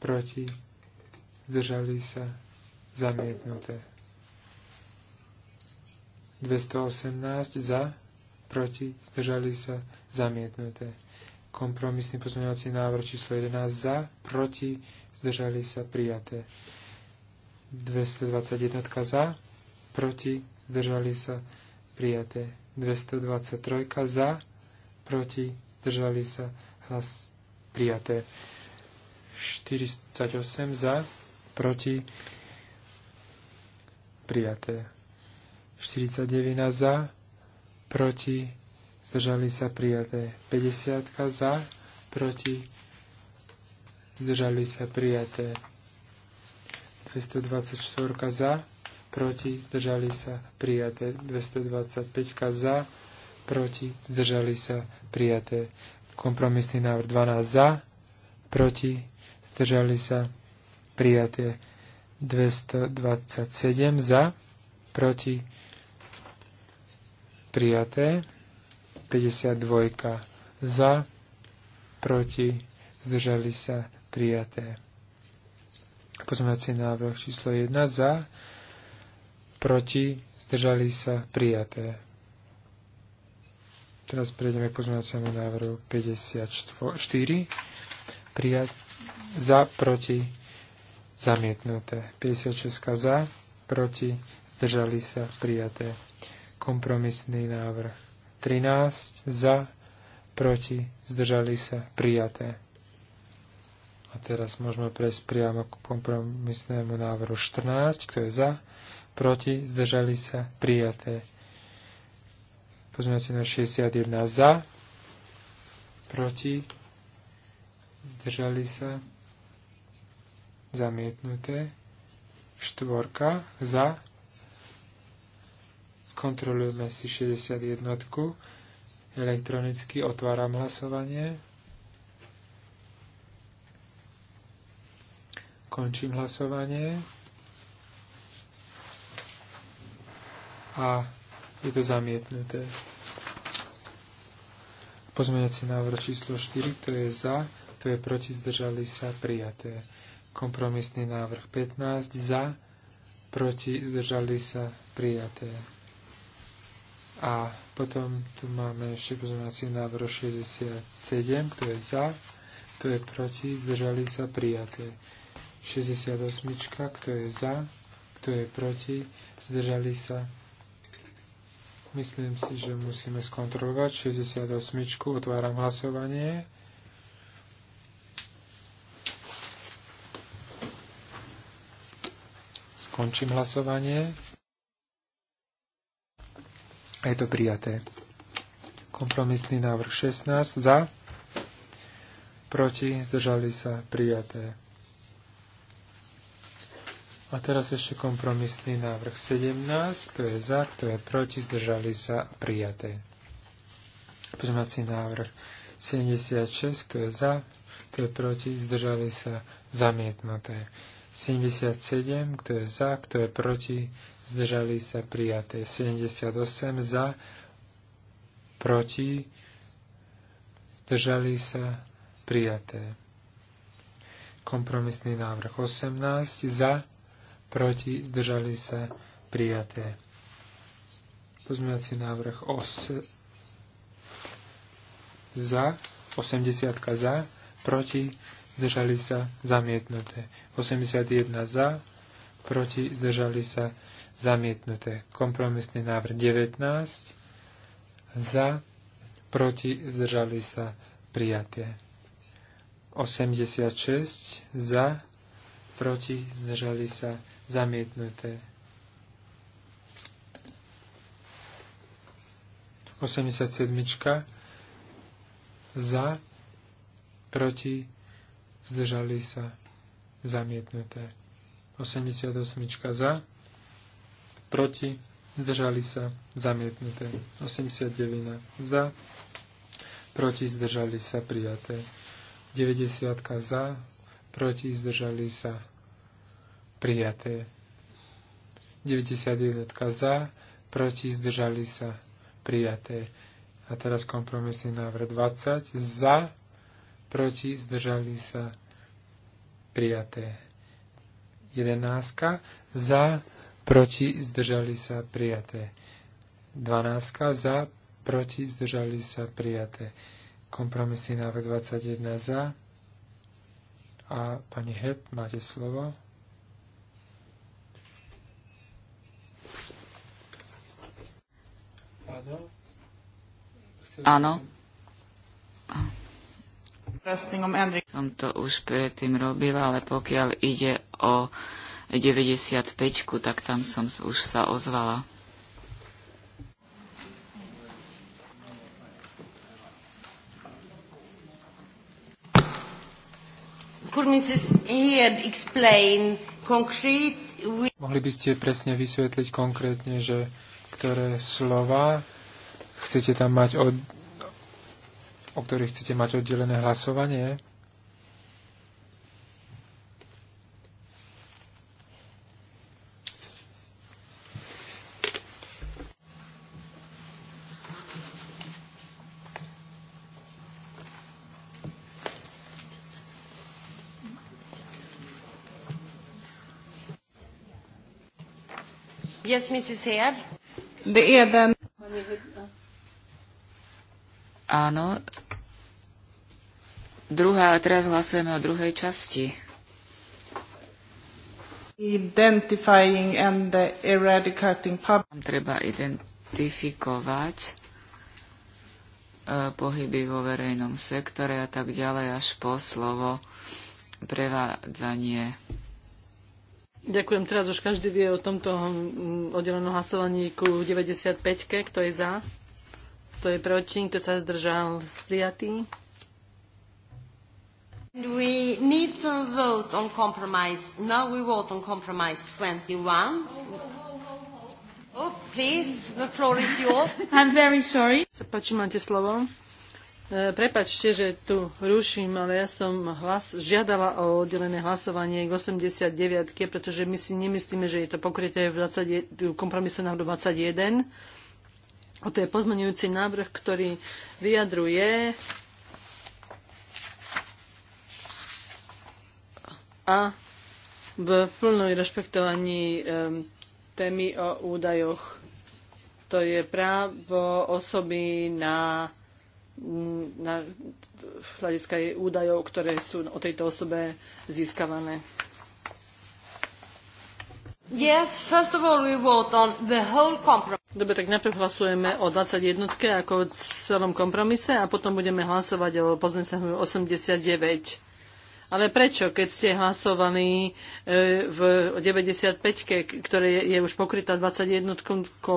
proti, zdržali sa, zamietnuté. 218 za, proti, zdržali sa, zamietnuté. Kompromisný pozmeňovací návrh číslo 11 za, proti, zdržali sa, prijaté. 221 za, proti, zdržali sa, prijaté. 223 za, proti, zdržali sa hlas prijaté. 48 za, proti prijaté. 49 za, proti zdržali sa prijaté. 50 za, proti zdržali sa prijaté. 224 za, proti zdržali sa prijaté. 225 za, proti, zdržali sa, prijaté. Kompromisný návrh 12 za, proti, zdržali sa, prijaté. 227 za, proti, prijaté. 52 za, proti, zdržali sa, prijaté. Pozmeňovací návrh číslo 1 za, proti, zdržali sa, prijaté Teraz prejdeme k pozmeňovaciemu návrhu 54. Prijať za, proti, zamietnuté. 56 za, proti, zdržali sa, prijaté. Kompromisný návrh 13 za, proti, zdržali sa, prijaté. A teraz môžeme prejsť priamo k kompromisnému návrhu 14, kto je za, proti, zdržali sa, prijaté. Pozmeňovací na 61 za, proti, zdržali sa, zamietnuté, štvorka za, skontrolujeme si 61 elektronicky, otváram hlasovanie, končím hlasovanie a je to zamietnuté. Pozmeňací návrh číslo 4, kto je za, to je proti, zdržali sa, prijaté. Kompromisný návrh 15, za, proti, zdržali sa, prijaté. A potom tu máme ešte pozmeňací návrh 67, kto je za, to je proti, zdržali sa, prijaté. 68, kto je za, kto je proti, zdržali sa, prijaté Myslím si, že musíme skontrolovať 68. Otváram hlasovanie. Skončím hlasovanie. Je to prijaté. Kompromisný návrh 16 za, proti, zdržali sa, prijaté. A teraz ešte kompromisný návrh 17. Kto je za, kto je proti, zdržali sa prijaté. Pozmací návrh 76. Kto je za, kto je proti, zdržali sa zamietnuté. 77. Kto je za, kto je proti, zdržali sa prijaté. 78. Za, proti, zdržali sa prijaté. Kompromisný návrh 18. Za, proti, zdržali sa, prijaté. Pozmeňovací návrh os... za, 80 za, proti, zdržali sa, zamietnuté. 81 za, proti, zdržali sa, zamietnuté. Kompromisný návrh 19 za, proti, zdržali sa, prijaté. 86 za, proti, zdržali sa, Zamietnuté. 87. Za, proti, zdržali sa. Zamietnuté. 88. Za, proti, zdržali sa. Zamietnuté. 89. Za, proti, zdržali sa. Prijaté. 90. Za, proti, zdržali sa prijaté. 91 za, proti, zdržali sa, prijaté. A teraz kompromisný návrh 20 za, proti, zdržali sa, prijaté. 11 za, proti, zdržali sa, prijaté. 12 za, proti, zdržali sa, prijaté. Kompromisný návrh 21 za. A pani Hep, máte slovo. Áno. Som to už predtým robila, ale pokiaľ ide o 95, tak tam som už sa ozvala. Mohli by ste presne vysvetliť konkrétne, že ktoré slova chcete tam mať od, o ktorých chcete mať oddelené hlasovanie? Yes, Mrs. Head. The är Áno. Druhá, teraz hlasujeme o druhej časti. Identifying and eradicating public. Tam treba identifikovať e, pohyby vo verejnom sektore a tak ďalej až po slovo prevádzanie. Ďakujem. Teraz už každý vie o tomto mm, oddelenom hlasovaní ku 95, kto je za. Kto je proti? Kto sa zdržal? z Prijatý. We need to vote on compromise. Now we vote on compromise 21. Oh, please, the floor is yours. I'm very sorry. Sa páči, máte slovo. E, prepačte, že tu ruším, ale ja som hlas, žiadala o oddelené hlasovanie k 89, pretože my si nemyslíme, že je to pokryté v 20, kompromisu na 21. O to je pozmenujúci návrh, ktorý vyjadruje a v plnom rešpektovaní témy o údajoch. To je právo osoby na, na hľadiska jej údajov, ktoré sú o tejto osobe získavané. Yes, first of all we vote on the whole compromise. Dobre, tak najprv hlasujeme o 21 ako o celom kompromise a potom budeme hlasovať o pozmeňovacom 89. Ale prečo, keď ste hlasovaní e, v 95 ktoré je už pokrytá 21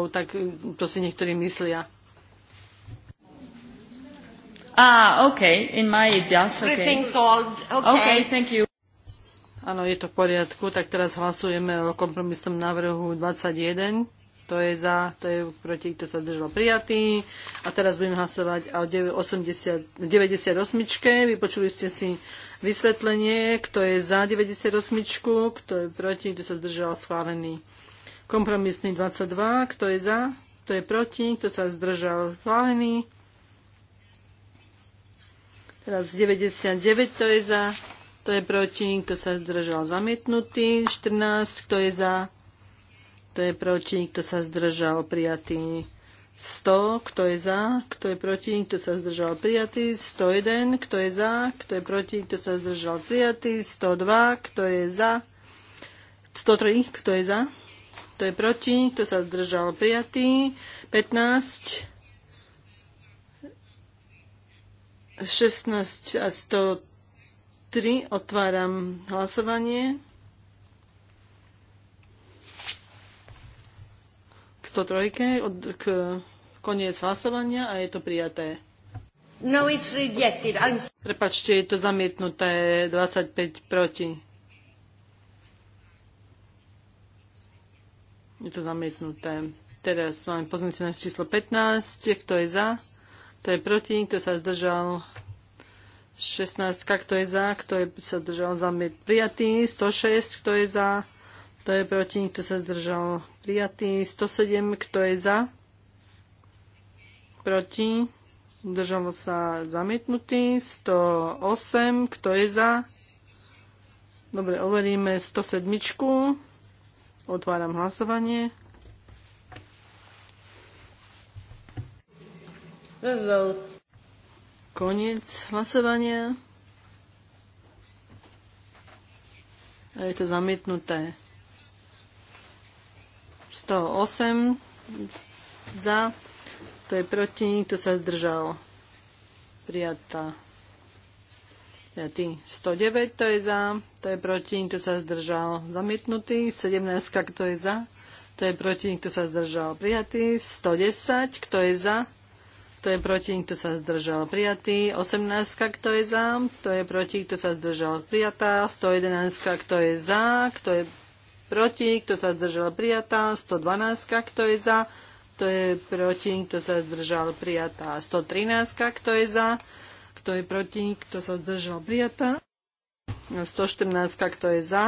tak to si niektorí myslia. Ah, OK, in my ideas, OK. Everything's solved, okay. Okay, thank you. Áno, je to v poriadku, tak teraz hlasujeme o kompromisnom návrhu 21 to je za, to je proti, kto sa držal prijatý. A teraz budeme hlasovať o 80, 98. Vypočuli ste si vysvetlenie, kto je za 98, kto je proti, kto sa zdržal schválený. Kompromisný 22, kto je za, kto je proti, kto sa zdržal schválený. Teraz 99, kto je za, kto je proti, kto sa zdržal zamietnutý. 14, kto je za, kto je proti, kto sa zdržal, prijatý 100, kto je za, kto je proti, kto sa zdržal, prijatý 101, kto je za, kto je proti, kto sa zdržal, prijatý 102, kto je za, 103, kto je za, kto je proti, kto sa zdržal, prijatý 15, 16 a 103 otváram hlasovanie. 103 od, k koniec hlasovania a je to prijaté. No, it's rejected. I'm... Prepačte, je to zamietnuté 25 proti. Je to zamietnuté. Teraz máme poznáte na číslo 15. Kto je za? Kto je proti? Kto sa zdržal? 16. Kto je za? Kto je, sa zdržal? Zamiet prijatý. 106. Kto je za? Kto je proti? Kto sa zdržal? Prijatý. 107. Kto je za? Proti? Zdržalo sa zamietnutý. 108. Kto je za? Dobre, overíme 107. Otváram hlasovanie. Koniec hlasovania. A je to zamietnuté. 108 za, to je proti, nikto sa zdržal. Prijatá. Prijatý. 109, to je za, to je proti, nikto sa zdržal. Zamietnutý. 17, kto je za, to je proti, nikto sa zdržal. Prijatý. 110, kto je za, to je proti, nikto sa zdržal. Prijatý. 18, kto je za, to je proti, kto sa zdržal. Prijatá. 111, kto je za, kto je proti, kto sa zdržal prijatá, 112, kto je za, kto je proti, kto sa zdržal prijatá, 113, kto je za, kto je proti, kto sa zdržal prijatá, 114, kto je za,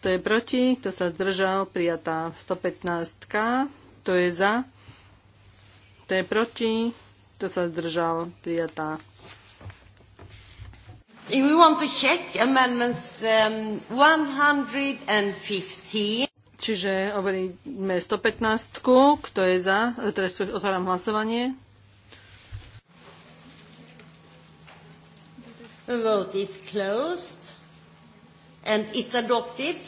kto je proti, kto sa zdržal prijatá, 115, kto je za, kto je proti, kto sa zdržal prijatá. If we want to check amendments um, 115. Čiže overíme 115. Kto je za? E, teraz otváram hlasovanie. The vote is closed. And it's adopted.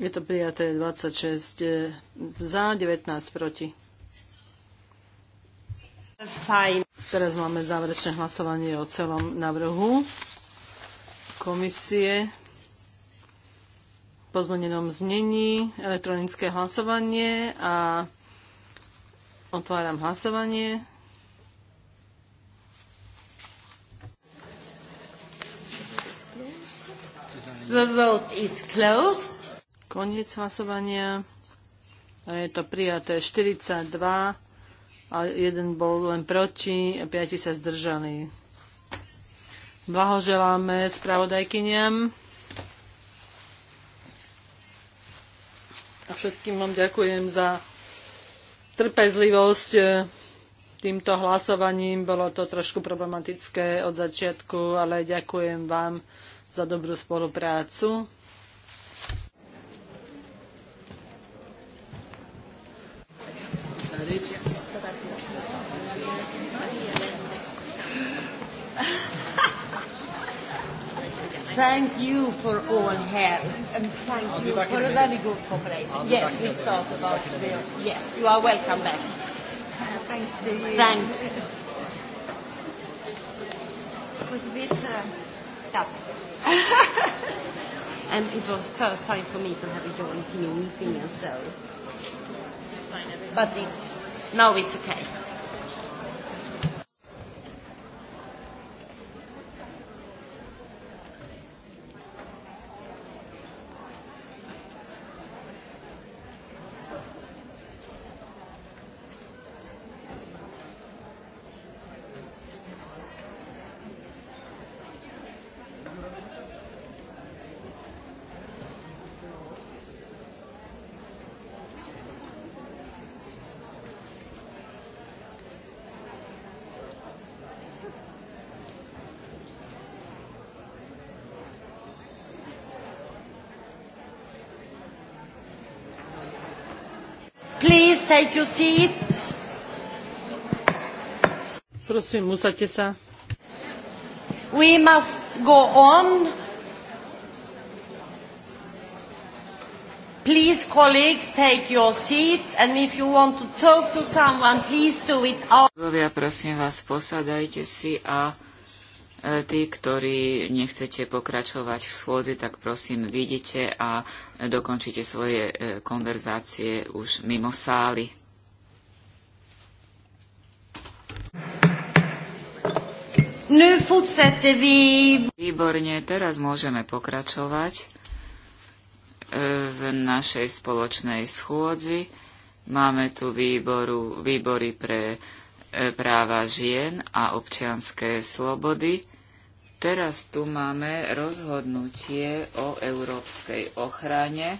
Je to prijaté 26 e, za, 19 proti. Fine. Teraz máme záverečné hlasovanie o celom návrhu komisie v pozmenenom znení, elektronické hlasovanie a otváram hlasovanie. The vote is closed. Koniec hlasovania. A je to prijaté 42 a jeden bol len proti a 5 sa zdržali. Blahoželáme spravodajkyniam. A všetkým vám ďakujem za trpezlivosť e, týmto hlasovaním. Bolo to trošku problematické od začiatku, ale ďakujem vám za dobrú spoluprácu. Thank thank you for all help and thank I'll you for a, a very good cooperation. yes, we start about the, yes, you are welcome back. Uh, thanks to you. Thanks. It was a bit uh, tough. and it was first time for me to have a joint meeting and so. It's fine, everything. But it's, now it's okay. take your seats. Prosím, musíte sa. We must go on. Please, colleagues, take your seats and if you want to talk to someone, please do it out. Prosím vás, posadajte si a E, tí, ktorí nechcete pokračovať v schôdzi, tak prosím, vidíte a dokončite svoje e, konverzácie už mimo sály. Výborne, teraz môžeme pokračovať e, v našej spoločnej schôdzi. Máme tu výboru, výbory pre práva žien a občianské slobody Teraz tu máme rozhodnutie o európskej ochrane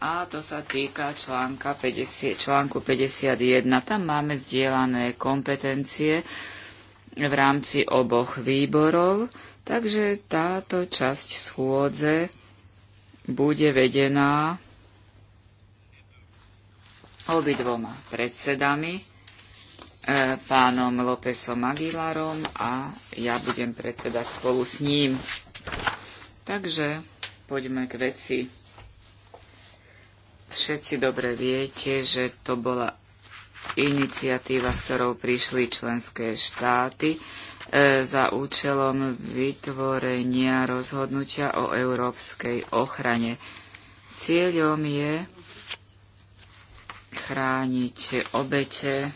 a to sa týka článka 50, článku 51. Tam máme zdieľané kompetencie v rámci oboch výborov, takže táto časť schôdze bude vedená obidvoma predsedami pánom Lópezom Aguilarom a ja budem predsedať spolu s ním. Takže poďme k veci. Všetci dobre viete, že to bola iniciatíva, s ktorou prišli členské štáty e, za účelom vytvorenia rozhodnutia o európskej ochrane. Cieľom je chrániť obete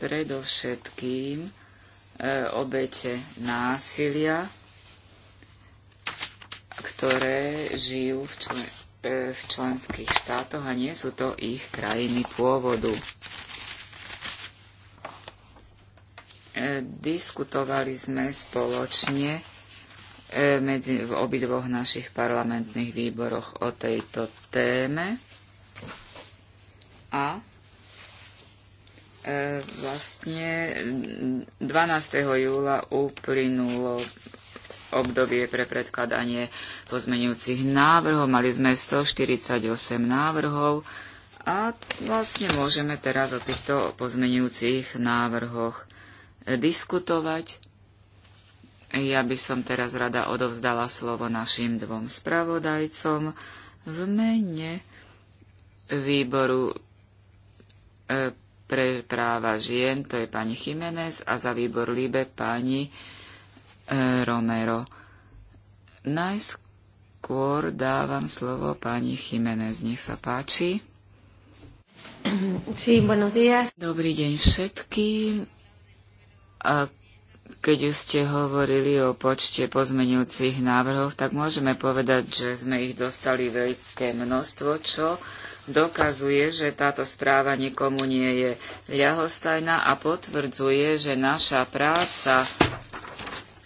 predovšetkým e, obete násilia, ktoré žijú v, člen, e, v členských štátoch a nie sú to ich krajiny pôvodu. E, diskutovali sme spoločne e, medzi, v obidvoch našich parlamentných výboroch o tejto téme a E, vlastne 12. júla uplynulo obdobie pre predkladanie pozmenujúcich návrhov. Mali sme 148 návrhov a vlastne môžeme teraz o týchto pozmenujúcich návrhoch diskutovať. Ja by som teraz rada odovzdala slovo našim dvom spravodajcom v mene výboru e, pre práva žien, to je pani Jiménez a za výbor Líbe pani e, Romero. Najskôr dávam slovo pani Jiménez. Nech sa páči. Sí, buenos días. Dobrý deň všetkým. A keď už ste hovorili o počte pozmenujúcich návrhov, tak môžeme povedať, že sme ich dostali veľké množstvo, čo dokazuje, že táto správa nikomu nie je ľahostajná a potvrdzuje, že naša práca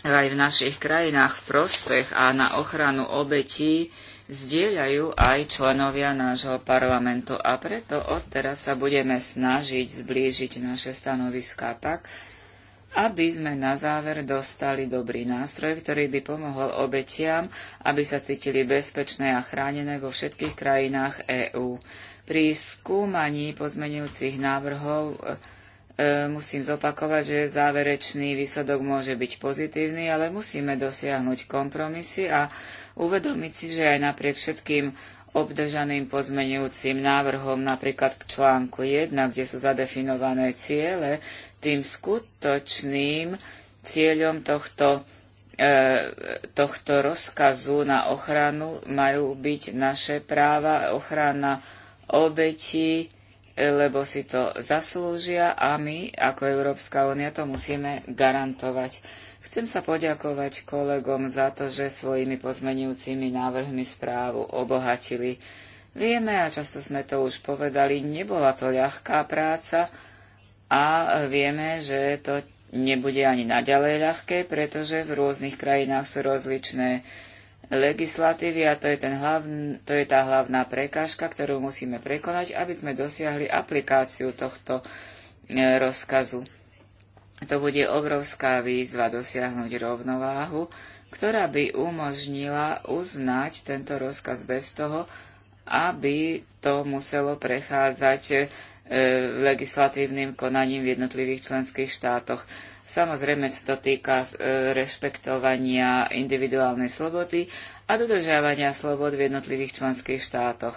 aj v našich krajinách v prospech a na ochranu obetí zdieľajú aj členovia nášho parlamentu. A preto odteraz sa budeme snažiť zblížiť naše stanoviská tak, aby sme na záver dostali dobrý nástroj, ktorý by pomohol obetiam, aby sa cítili bezpečné a chránené vo všetkých krajinách EÚ. Pri skúmaní pozmenujúcich návrhov e, e, musím zopakovať, že záverečný výsledok môže byť pozitívny, ale musíme dosiahnuť kompromisy a uvedomiť si, že aj napriek všetkým obdržaným pozmenujúcim návrhom napríklad k článku 1, kde sú zadefinované ciele, tým skutočným cieľom tohto, e, tohto rozkazu na ochranu majú byť naše práva, ochrana obetí, e, lebo si to zaslúžia a my ako Európska únia to musíme garantovať. Chcem sa poďakovať kolegom za to, že svojimi pozmenujúcimi návrhmi správu obohatili. Vieme, a často sme to už povedali, nebola to ľahká práca, a vieme, že to nebude ani naďalej ľahké, pretože v rôznych krajinách sú rozličné legislatívy a to je, ten hlavn, to je tá hlavná prekážka, ktorú musíme prekonať, aby sme dosiahli aplikáciu tohto e, rozkazu. To bude obrovská výzva dosiahnuť rovnováhu, ktorá by umožnila uznať tento rozkaz bez toho, aby to muselo prechádzať E, legislatívnym konaním v jednotlivých členských štátoch. Samozrejme sa to týka e, rešpektovania individuálnej slobody a dodržiavania slobod v jednotlivých členských štátoch.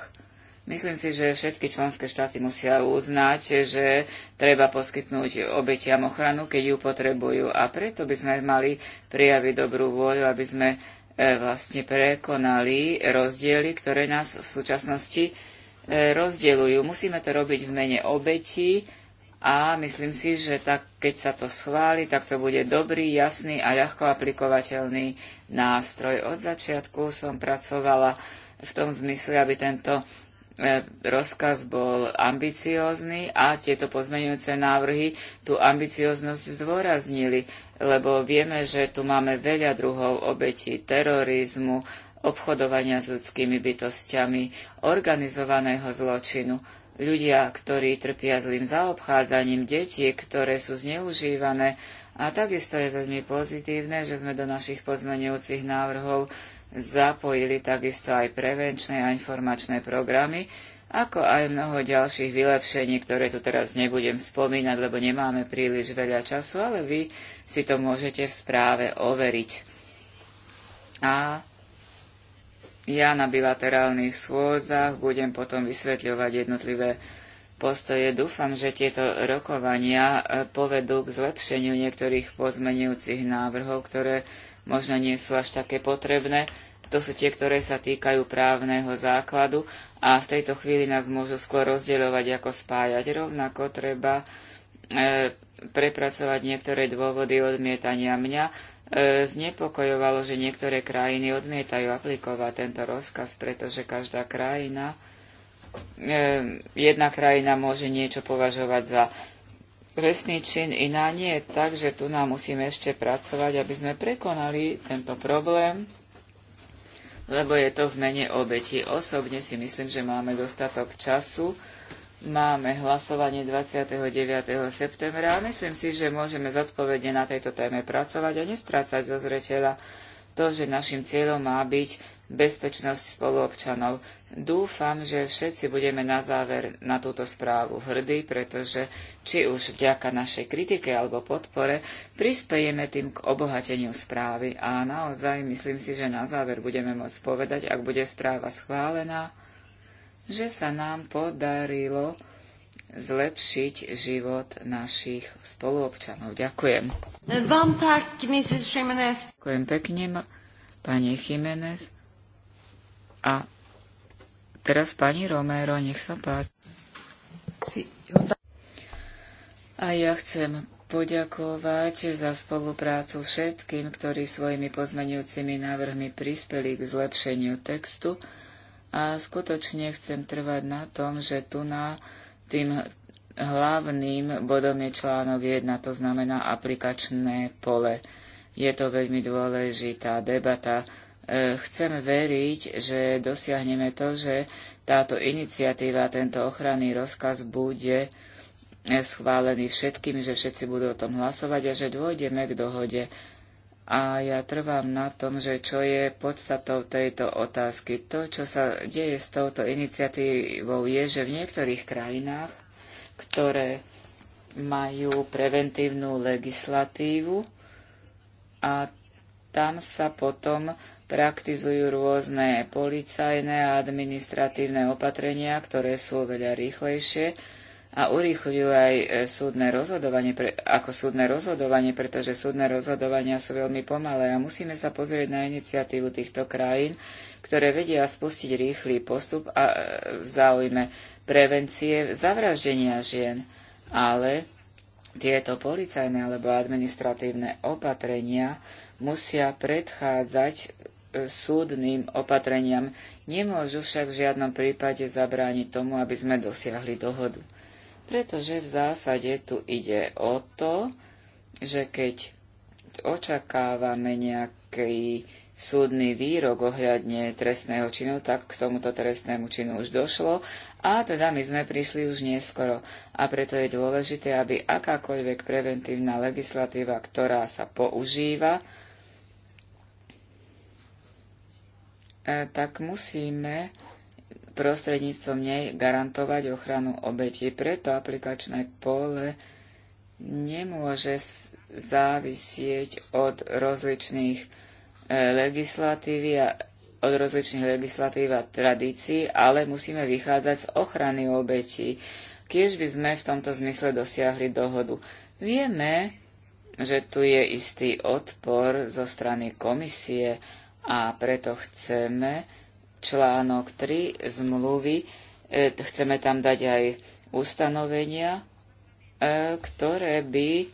Myslím si, že všetky členské štáty musia uznať, že treba poskytnúť obetiam ochranu, keď ju potrebujú. A preto by sme mali prijaviť dobrú vôľu, aby sme e, vlastne prekonali rozdiely, ktoré nás v súčasnosti rozdeľujú. Musíme to robiť v mene obetí a myslím si, že tak, keď sa to schváli, tak to bude dobrý, jasný a ľahko aplikovateľný nástroj. Od začiatku som pracovala v tom zmysle, aby tento e, rozkaz bol ambiciózny a tieto pozmeňujúce návrhy tú ambicioznosť zdôraznili, lebo vieme, že tu máme veľa druhov obetí terorizmu, obchodovania s ľudskými bytostiami, organizovaného zločinu, ľudia, ktorí trpia zlým zaobchádzaním, deti, ktoré sú zneužívané. A takisto je veľmi pozitívne, že sme do našich pozmenujúcich návrhov zapojili takisto aj prevenčné a informačné programy, ako aj mnoho ďalších vylepšení, ktoré tu teraz nebudem spomínať, lebo nemáme príliš veľa času, ale vy si to môžete v správe overiť. A ja na bilaterálnych schôdzach budem potom vysvetľovať jednotlivé postoje. Dúfam, že tieto rokovania e, povedú k zlepšeniu niektorých pozmenujúcich návrhov, ktoré možno nie sú až také potrebné. To sú tie, ktoré sa týkajú právneho základu a v tejto chvíli nás môžu skôr rozdeľovať, ako spájať. Rovnako treba e, prepracovať niektoré dôvody odmietania mňa E, znepokojovalo, že niektoré krajiny odmietajú aplikovať tento rozkaz, pretože každá krajina, e, jedna krajina môže niečo považovať za trestný čin, iná nie. Takže tu nám musíme ešte pracovať, aby sme prekonali tento problém, lebo je to v mene obeti. Osobne si myslím, že máme dostatok času, Máme hlasovanie 29. septembra a myslím si, že môžeme zodpovedne na tejto téme pracovať a nestrácať zo zreteľa to, že našim cieľom má byť bezpečnosť spoluobčanov. Dúfam, že všetci budeme na záver na túto správu hrdí, pretože či už vďaka našej kritike alebo podpore prispejeme tým k obohateniu správy a naozaj myslím si, že na záver budeme môcť povedať, ak bude správa schválená, že sa nám podarilo zlepšiť život našich spoluobčanov. Ďakujem. Vám tak, Mrs. Jimenez. Ďakujem pekne, pani Jimenez. A teraz pani Romero, nech sa páči. A ja chcem poďakovať za spoluprácu všetkým, ktorí svojimi pozmeňujúcimi návrhmi prispeli k zlepšeniu textu a skutočne chcem trvať na tom, že tu na tým hlavným bodom je článok 1, to znamená aplikačné pole. Je to veľmi dôležitá debata. E, chcem veriť, že dosiahneme to, že táto iniciatíva, tento ochranný rozkaz bude schválený všetkým, že všetci budú o tom hlasovať a že dôjdeme k dohode a ja trvám na tom, že čo je podstatou tejto otázky. To, čo sa deje s touto iniciatívou, je, že v niektorých krajinách, ktoré majú preventívnu legislatívu a tam sa potom praktizujú rôzne policajné a administratívne opatrenia, ktoré sú veľa rýchlejšie a urýchľujú aj e, súdne rozhodovanie, pre, ako súdne rozhodovanie, pretože súdne rozhodovania sú veľmi pomalé a musíme sa pozrieť na iniciatívu týchto krajín, ktoré vedia spustiť rýchly postup a e, v záujme prevencie zavraždenia žien. Ale tieto policajné alebo administratívne opatrenia musia predchádzať e, súdnym opatreniam, nemôžu však v žiadnom prípade zabrániť tomu, aby sme dosiahli dohodu pretože v zásade tu ide o to, že keď očakávame nejaký súdny výrok ohľadne trestného činu, tak k tomuto trestnému činu už došlo a teda my sme prišli už neskoro. A preto je dôležité, aby akákoľvek preventívna legislatíva, ktorá sa používa, e, tak musíme prostredníctvom nej garantovať ochranu obetí. Preto aplikačné pole nemôže závisieť od rozličných e, legislatívy a od rozličných legislatív a tradícií, ale musíme vychádzať z ochrany obetí, kiež by sme v tomto zmysle dosiahli dohodu. Vieme, že tu je istý odpor zo strany komisie a preto chceme, článok 3 zmluvy. E, chceme tam dať aj ustanovenia, e, ktoré by e,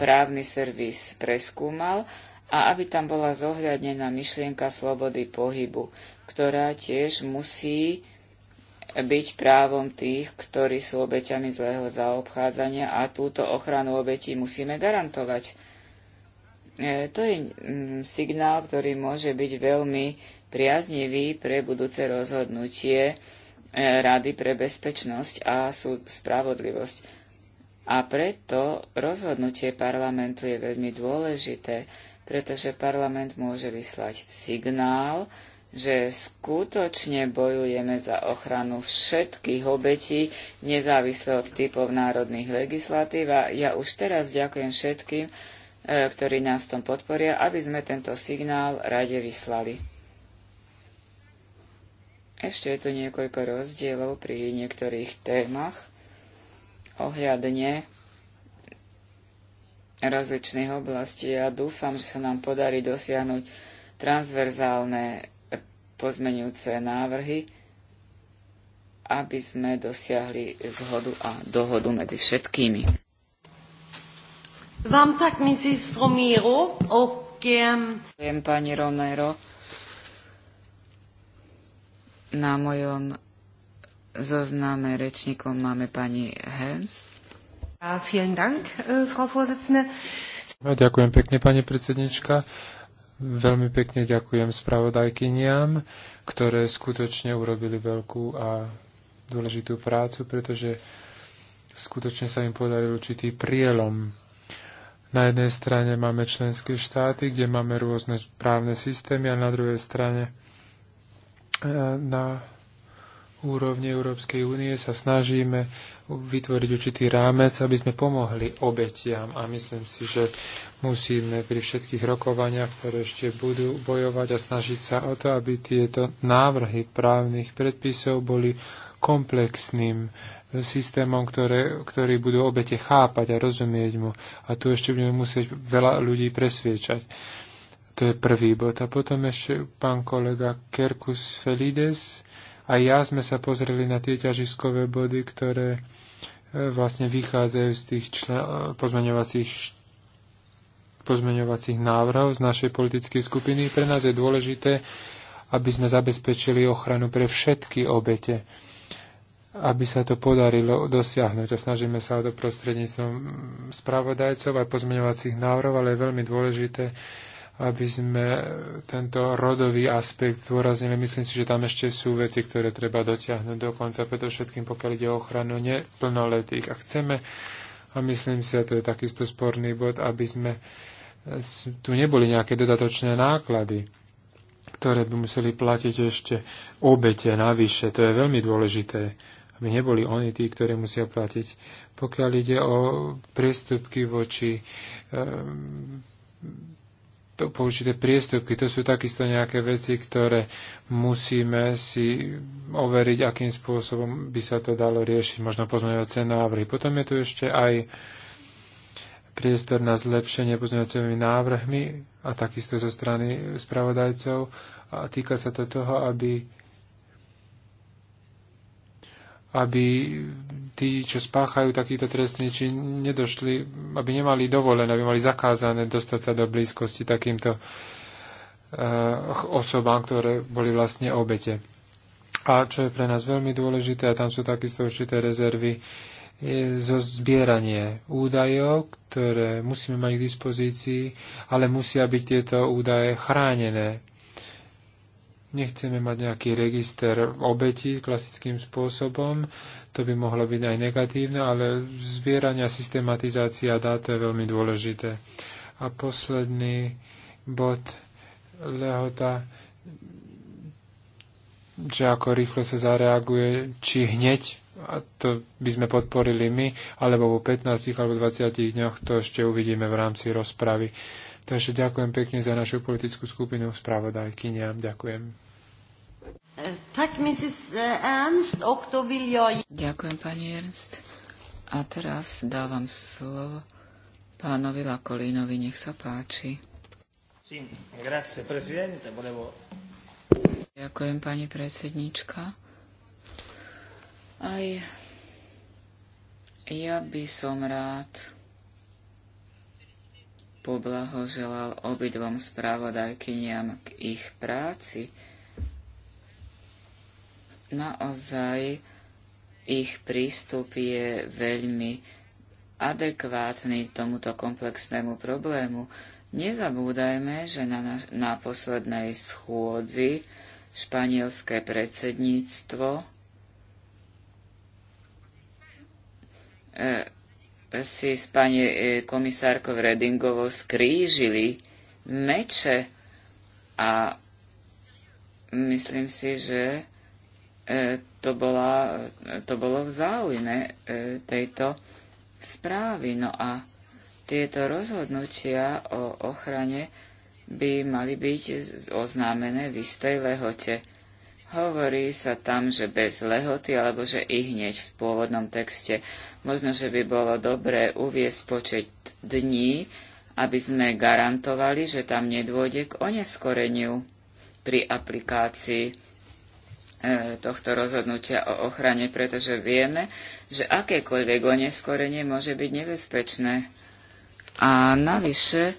právny servis preskúmal a aby tam bola zohľadnená myšlienka slobody pohybu, ktorá tiež musí byť právom tých, ktorí sú obeťami zlého zaobchádzania a túto ochranu obetí musíme garantovať. E, to je mm, signál, ktorý môže byť veľmi priaznivý pre budúce rozhodnutie e, Rady pre bezpečnosť a súd spravodlivosť. A preto rozhodnutie parlamentu je veľmi dôležité, pretože parlament môže vyslať signál, že skutočne bojujeme za ochranu všetkých obetí, nezávisle od typov národných legislatív. A ja už teraz ďakujem všetkým, E, ktorí nás tom podporia, aby sme tento signál rade vyslali. Ešte je tu niekoľko rozdielov pri niektorých témach ohľadne rozličných oblastí a ja dúfam, že sa nám podarí dosiahnuť transverzálne pozmenujúce návrhy, aby sme dosiahli zhodu a dohodu medzi všetkými. Vám tak, Mrs. Romero. Ehm, ďakujem, pani Romero. Na mojom zozname rečníkom máme pani Hens. vielen Dank, äh, Frau Vorsitzende. ďakujem pekne, pani predsednička. Veľmi pekne ďakujem spravodajkyniam, ktoré skutočne urobili veľkú a dôležitú prácu, pretože skutočne sa im podaril určitý prielom na jednej strane máme členské štáty, kde máme rôzne právne systémy a na druhej strane e, na úrovni Európskej únie sa snažíme vytvoriť určitý rámec, aby sme pomohli obetiam a myslím si, že musíme pri všetkých rokovaniach, ktoré ešte budú bojovať a snažiť sa o to, aby tieto návrhy právnych predpisov boli komplexným systémom, ktoré, ktorí budú obete chápať a rozumieť mu. A tu ešte budeme musieť veľa ľudí presviečať. To je prvý bod. A potom ešte pán kolega Kerkus Felides a ja sme sa pozreli na tie ťažiskové body, ktoré e, vlastne vychádzajú z tých člen- e, pozmeňovacích pozmeňovacích návrhov z našej politickej skupiny. Pre nás je dôležité, aby sme zabezpečili ochranu pre všetky obete aby sa to podarilo dosiahnuť. A snažíme sa o to prostredníctvom spravodajcov aj pozmeňovacích návrhov, ale je veľmi dôležité, aby sme tento rodový aspekt zdôraznili. Myslím si, že tam ešte sú veci, ktoré treba dotiahnuť do konca, všetkým pokiaľ ide o ochranu neplnoletých. A chceme, a myslím si, a to je takisto sporný bod, aby sme tu neboli nejaké dodatočné náklady ktoré by museli platiť ešte obete navyše. To je veľmi dôležité aby neboli oni tí, ktorí musia platiť. Pokiaľ ide o priestupky voči um, po určité priestupky, to sú takisto nejaké veci, ktoré musíme si overiť, akým spôsobom by sa to dalo riešiť, možno pozmeňovacie návrhy. Potom je tu ešte aj priestor na zlepšenie pozmeňovacími návrhmi a takisto zo strany spravodajcov a týka sa to toho, aby aby tí, čo spáchajú takýto trestný čin, nedošli, aby nemali dovolené, aby mali zakázané dostať sa do blízkosti takýmto uh, osobám, ktoré boli vlastne obete. A čo je pre nás veľmi dôležité, a tam sú takisto určité rezervy, je zo zbieranie údajov, ktoré musíme mať k dispozícii, ale musia byť tieto údaje chránené. Nechceme mať nejaký register obetí klasickým spôsobom, to by mohlo byť aj negatívne, ale zbierania systematizácia dát je veľmi dôležité. A posledný bod lehota, že ako rýchlo sa zareaguje, či hneď, a to by sme podporili my, alebo vo 15 alebo 20 dňoch, to ešte uvidíme v rámci rozpravy. Takže ďakujem pekne za našu politickú skupinu v spravodajkynia. Ďakujem. Tak, Mrs. Eh, Ernst, Ďakujem, pani Ernst. A teraz dávam slovo pánovi Lakolínovi. Nech sa páči. Ďakujem, pani predsednička. Aj ja by som rád poblahoželal obidvom správodajkyniam k ich práci. Naozaj ich prístup je veľmi adekvátny tomuto komplexnému problému. Nezabúdajme, že na, na, na poslednej schôdzi španielské predsedníctvo e, si s pani e, komisárkou Redingovou skrížili meče a myslím si, že e, to, bola, to bolo v záujme e, tejto správy. No a tieto rozhodnutia o ochrane by mali byť oznámené v istej lehote. Hovorí sa tam, že bez lehoty, alebo že i hneď v pôvodnom texte. Možno, že by bolo dobré uviesť počet dní, aby sme garantovali, že tam nedôjde k oneskoreniu pri aplikácii e, tohto rozhodnutia o ochrane, pretože vieme, že akékoľvek oneskorenie môže byť nebezpečné. A navyše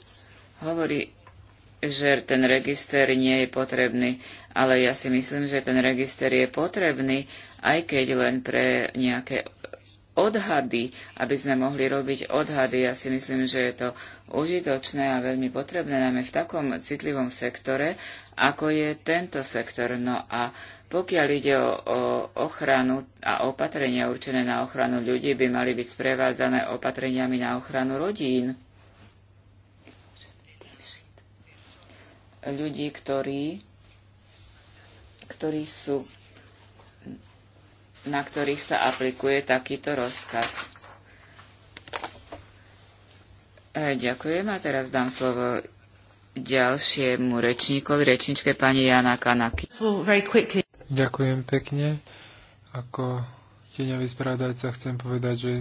hovorí, že ten register nie je potrebný ale ja si myslím, že ten register je potrebný, aj keď len pre nejaké odhady, aby sme mohli robiť odhady. Ja si myslím, že je to užitočné a veľmi potrebné, najmä v takom citlivom sektore, ako je tento sektor. No a pokiaľ ide o, o ochranu a opatrenia určené na ochranu ľudí, by mali byť sprevádzané opatreniami na ochranu rodín. Ľudí, ktorí ktorí sú, na ktorých sa aplikuje takýto rozkaz. E, ďakujem a teraz dám slovo ďalšiemu rečníkovi, rečničke pani Jana Kanaki. Ďakujem pekne. Ako tieňový spravodajca chcem povedať, že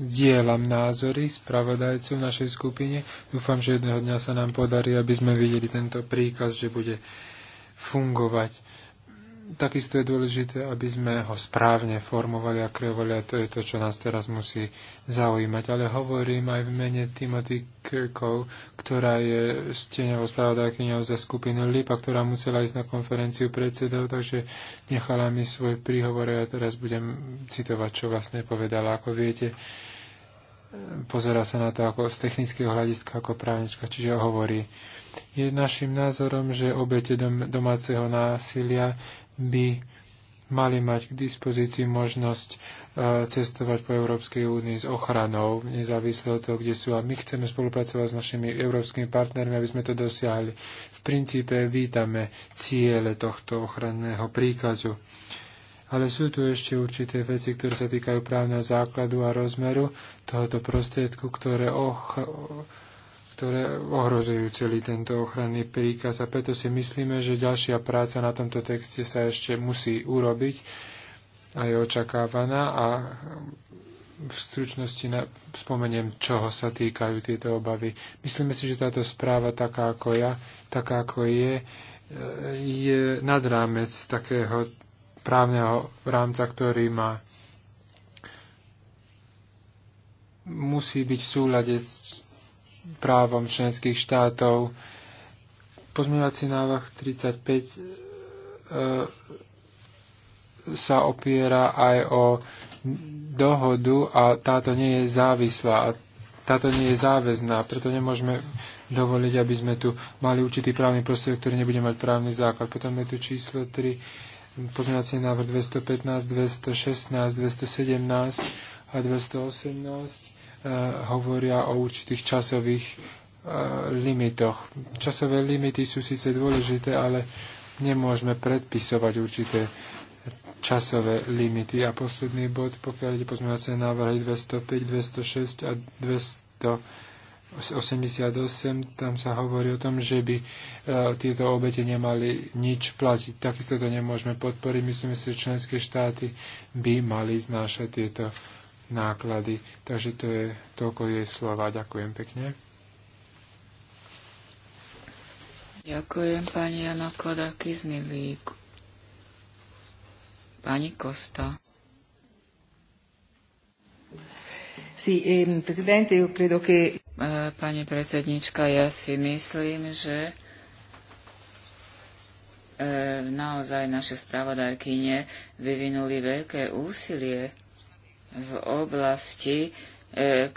zdieľam názory spravodajcu v našej skupine. Dúfam, že jedného dňa sa nám podarí, aby sme videli tento príkaz, že bude fungovať. Takisto je dôležité, aby sme ho správne formovali a kreovali a to je to, čo nás teraz musí zaujímať. Ale hovorím aj v mene Timothy Kirkov, ktorá je steňovou spravodajkyňou za skupinu LIPA, ktorá musela ísť na konferenciu predsedov, takže nechala mi svoj príhovor a ja teraz budem citovať, čo vlastne povedala. Ako viete, pozera sa na to ako z technického hľadiska, ako právnička, čiže hovorí, je našim názorom, že obete dom- domáceho násilia by mali mať k dispozícii možnosť e, cestovať po Európskej únii s ochranou, nezávisle od toho, kde sú. A my chceme spolupracovať s našimi európskymi partnermi, aby sme to dosiahli. V princípe vítame ciele tohto ochranného príkazu. Ale sú tu ešte určité veci, ktoré sa týkajú právneho základu a rozmeru tohoto prostriedku, ktoré och- ktoré ohrozujú celý tento ochranný príkaz. A preto si myslíme, že ďalšia práca na tomto texte sa ešte musí urobiť a je očakávaná. A v stručnosti na, spomeniem, čoho sa týkajú tieto obavy. Myslíme si, že táto správa, taká ako ja, taká ako je, je nad rámec takého právneho rámca, ktorý má musí byť v súlade s právom členských štátov. Pozmievací návrh 35 e, sa opiera aj o dohodu a táto nie je závislá. Táto nie je záväzná, preto nemôžeme dovoliť, aby sme tu mali určitý právny prostriedok, ktorý nebude mať právny základ. Potom je tu číslo 3, pozmeňovací návrh 215, 216, 217 a 218 Eh, hovoria o určitých časových eh, limitoch. Časové limity sú síce dôležité, ale nemôžeme predpisovať určité časové limity. A posledný bod, pokiaľ ide pozmeňovacie návrhy 205, 206 a 288, tam sa hovorí o tom, že by eh, tieto obete nemali nič platiť. Takisto to nemôžeme podporiť. Myslím si, že členské štáty by mali znášať tieto náklady. Takže to je toľko jej slova. Ďakujem pekne. Ďakujem pani Jana Kodaky z Milík. Pani Kosta. Sí, eh, io credo che... Eh, pani predsednička, ja si myslím, že eh, naozaj naše spravodajkyne vyvinuli veľké úsilie v oblasti, e,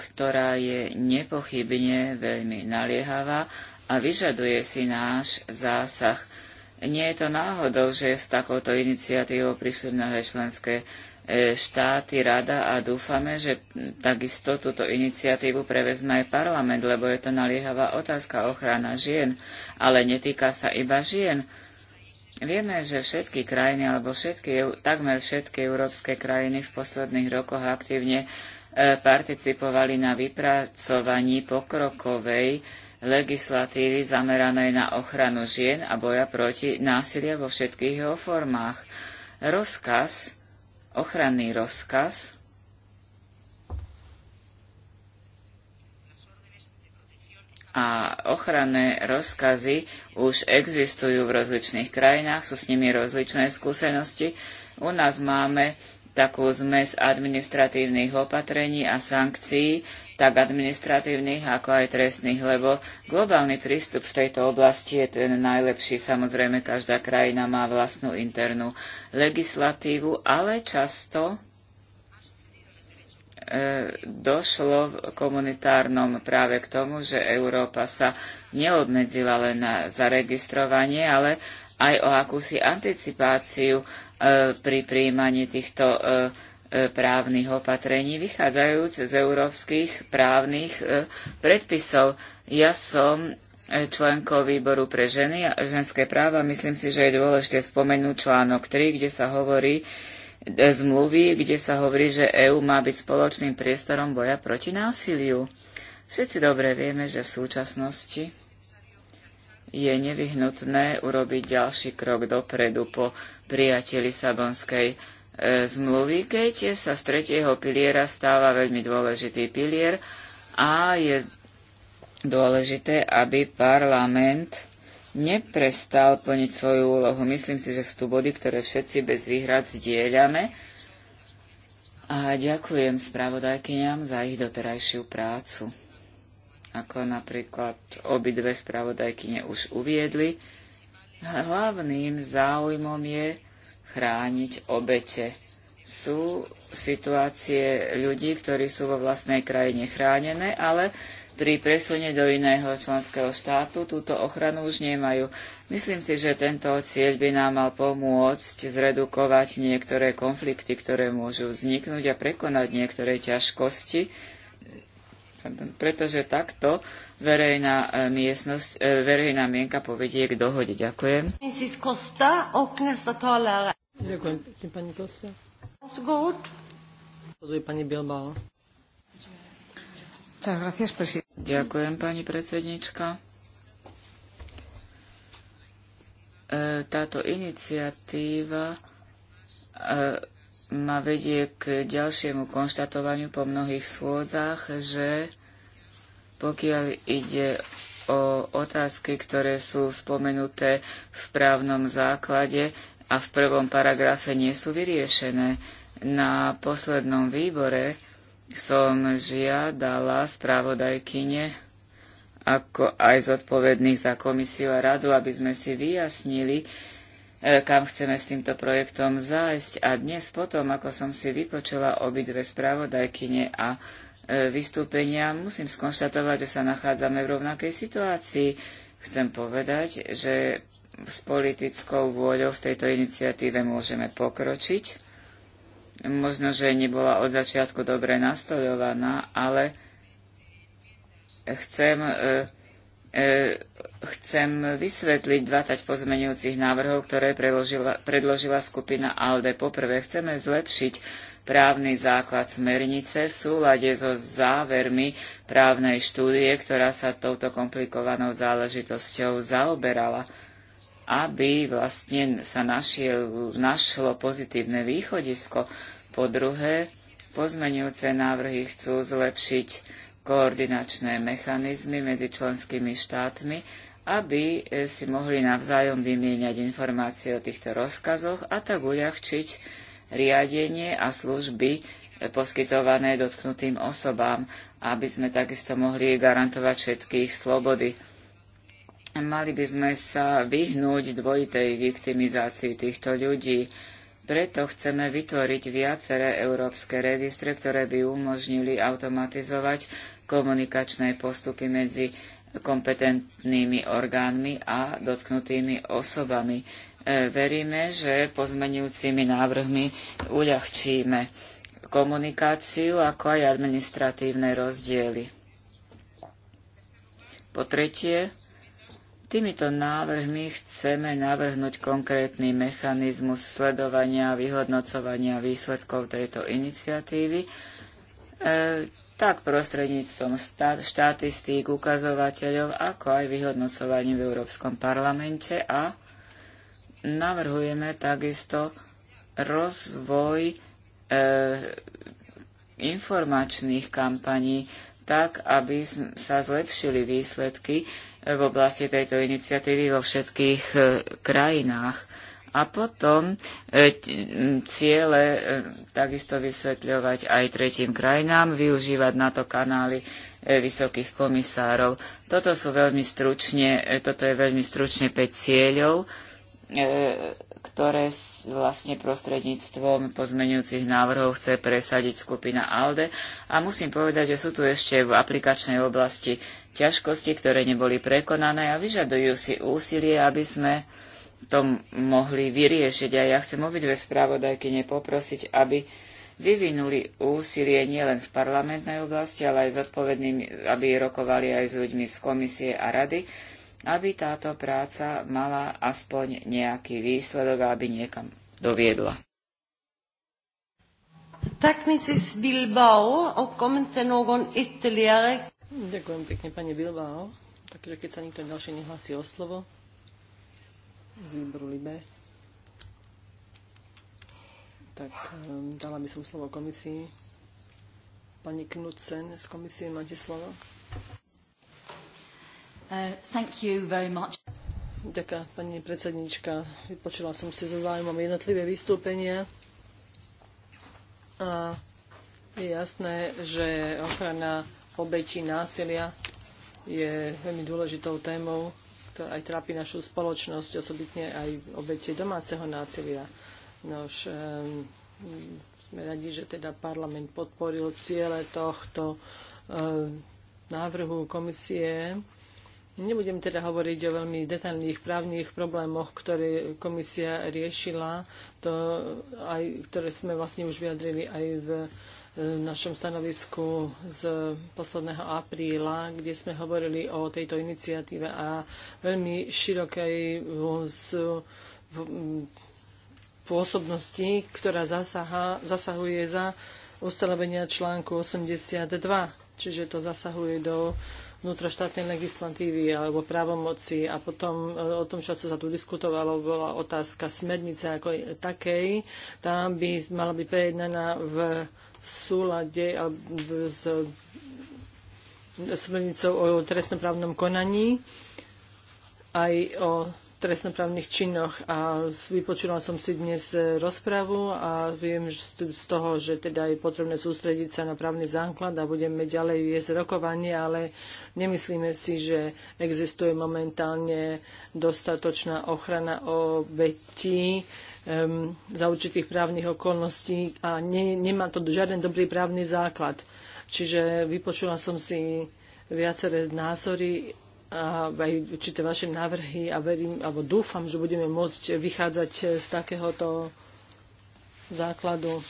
ktorá je nepochybne veľmi naliehavá a vyžaduje si náš zásah. Nie je to náhodou, že s takouto iniciatívou prišli mnohé členské e, štáty, rada a dúfame, že takisto túto iniciatívu prevezme aj parlament, lebo je to naliehavá otázka ochrana žien, ale netýka sa iba žien. Vieme, že všetky krajiny, alebo všetky, takmer všetky európske krajiny v posledných rokoch aktívne e, participovali na vypracovaní pokrokovej legislatívy zameranej na ochranu žien a boja proti násilia vo všetkých jeho formách. Rozkaz, ochranný rozkaz a ochranné rozkazy už existujú v rozličných krajinách, sú s nimi rozličné skúsenosti. U nás máme takú zmes administratívnych opatrení a sankcií, tak administratívnych ako aj trestných, lebo globálny prístup v tejto oblasti je ten najlepší. Samozrejme, každá krajina má vlastnú internú legislatívu, ale často E, došlo v komunitárnom práve k tomu, že Európa sa neobmedzila len na zaregistrovanie, ale aj o akúsi anticipáciu e, pri príjmaní týchto e, právnych opatrení vychádzajúc z európskych právnych predpisov. Ja som členkou výboru pre ženy a ženské práva. Myslím si, že je dôležité spomenúť článok 3, kde sa hovorí, zmluvy, kde sa hovorí, že EÚ má byť spoločným priestorom boja proti násiliu. Všetci dobre vieme, že v súčasnosti je nevyhnutné urobiť ďalší krok dopredu po prijatí Lisabonskej e, zmluvy, keď sa z tretieho piliera stáva veľmi dôležitý pilier a je dôležité, aby parlament neprestal plniť svoju úlohu. Myslím si, že sú tu body, ktoré všetci bez výhrad zdieľame. A ďakujem spravodajkyňam za ich doterajšiu prácu. Ako napríklad obidve spravodajkyne už uviedli, hlavným záujmom je chrániť obete. Sú situácie ľudí, ktorí sú vo vlastnej krajine chránené, ale pri presune do iného členského štátu túto ochranu už nemajú. Myslím si, že tento cieľ by nám mal pomôcť zredukovať niektoré konflikty, ktoré môžu vzniknúť a prekonať niektoré ťažkosti, pretože takto verejná, e, miestnosť, e, verejná mienka povedie k dohode. Ďakujem. Ďakujem pekne, pani Kosta. Pani Bilbao. Gracias, Ďakujem, pani predsednička. E, táto iniciatíva e, ma vedie k ďalšiemu konštatovaniu po mnohých schôdzach, že pokiaľ ide o otázky, ktoré sú spomenuté v právnom základe a v prvom paragrafe nie sú vyriešené. Na poslednom výbore som žiadala správodajkyne, ako aj zodpovedných za komisiu a radu, aby sme si vyjasnili, e, kam chceme s týmto projektom zájsť. A dnes potom, ako som si vypočula obidve správodajkyne a e, vystúpenia, musím skonštatovať, že sa nachádzame v rovnakej situácii. Chcem povedať, že s politickou vôľou v tejto iniciatíve môžeme pokročiť možno, že nebola od začiatku dobre nastoľovaná, ale chcem, e, e, chcem vysvetliť 20 pozmenujúcich návrhov, ktoré predložila skupina ALDE. Poprvé, chceme zlepšiť právny základ smernice v súlade so závermi právnej štúdie, ktorá sa touto komplikovanou záležitosťou zaoberala aby vlastne sa našiel, našlo pozitívne východisko. Po druhé, pozmeňujúce návrhy chcú zlepšiť koordinačné mechanizmy medzi členskými štátmi, aby si mohli navzájom vymieňať informácie o týchto rozkazoch a tak uľahčiť riadenie a služby poskytované dotknutým osobám, aby sme takisto mohli garantovať všetkých slobody. Mali by sme sa vyhnúť dvojitej viktimizácii týchto ľudí. Preto chceme vytvoriť viaceré európske registre, ktoré by umožnili automatizovať komunikačné postupy medzi kompetentnými orgánmi a dotknutými osobami. E, veríme, že pozmenujúcimi návrhmi uľahčíme komunikáciu, ako aj administratívne rozdiely. Po tretie, Týmito návrhmi chceme navrhnúť konkrétny mechanizmus sledovania a vyhodnocovania výsledkov tejto iniciatívy, e, tak prostredníctvom štatistík, ukazovateľov, ako aj vyhodnocovaním v Európskom parlamente a navrhujeme takisto rozvoj e, informačných kampaní, tak aby sa zlepšili výsledky v oblasti tejto iniciatívy vo všetkých e, krajinách. A potom e, ciele e, takisto vysvetľovať aj tretím krajinám, využívať na to kanály vysokých komisárov. Toto sú veľmi stručne, toto je veľmi stručne 5 cieľov, ktoré vlastne prostredníctvom pozmenujúcich návrhov chce presadiť skupina ALDE. A musím povedať, že sú tu ešte v aplikačnej oblasti ťažkosti, ktoré neboli prekonané a vyžadujú si úsilie, aby sme to mohli vyriešiť. A ja chcem obidve spravodajkyne poprosiť, aby vyvinuli úsilie nielen v parlamentnej oblasti, ale aj zodpovednými, aby rokovali aj s ľuďmi z komisie a rady, aby táto práca mala aspoň nejaký výsledok, aby niekam doviedla. Bilbao ytterligare Ďakujem pekne, pani Bilbao. Takže keď sa nikto ďalší nehlasí o slovo z výboru Libe, tak um, dala by som slovo komisii. Pani Knudsen z komisie, máte slovo. Uh, thank you very much. Ďakujem, pani predsednička. Vypočula som si so záujmom jednotlivé vystúpenia. A je jasné, že ochrana obeti násilia je veľmi dôležitou témou, ktorá aj trápi našu spoločnosť, osobitne aj obete domáceho násilia. Nož, um, sme radi, že teda parlament podporil ciele tohto um, návrhu komisie. Nebudem teda hovoriť o veľmi detailných právnych problémoch, ktoré komisia riešila, to aj, ktoré sme vlastne už vyjadrili aj v našom stanovisku z posledného apríla, kde sme hovorili o tejto iniciatíve a veľmi širokej z, pôsobnosti, ktorá zasaha, zasahuje za ustanovenia článku 82, čiže to zasahuje do vnútroštátnej legislatívy alebo právomoci a potom e, o tom čo sa tu diskutovalo, bola otázka smernice ako takej. Tá by mala byť prejednaná v súlade s smernicou o trestnoprávnom konaní aj o trestnoprávnych činoch a vypočula som si dnes rozpravu a viem z toho, že teda je potrebné sústrediť sa na právny základ a budeme ďalej viesť rokovanie, ale nemyslíme si, že existuje momentálne dostatočná ochrana obetí um, za určitých právnych okolností a ne, nemá to žiaden dobrý právny základ. Čiže vypočula som si viaceré názory a aj určité vaše návrhy a verím, alebo dúfam, že budeme môcť vychádzať z takéhoto základu.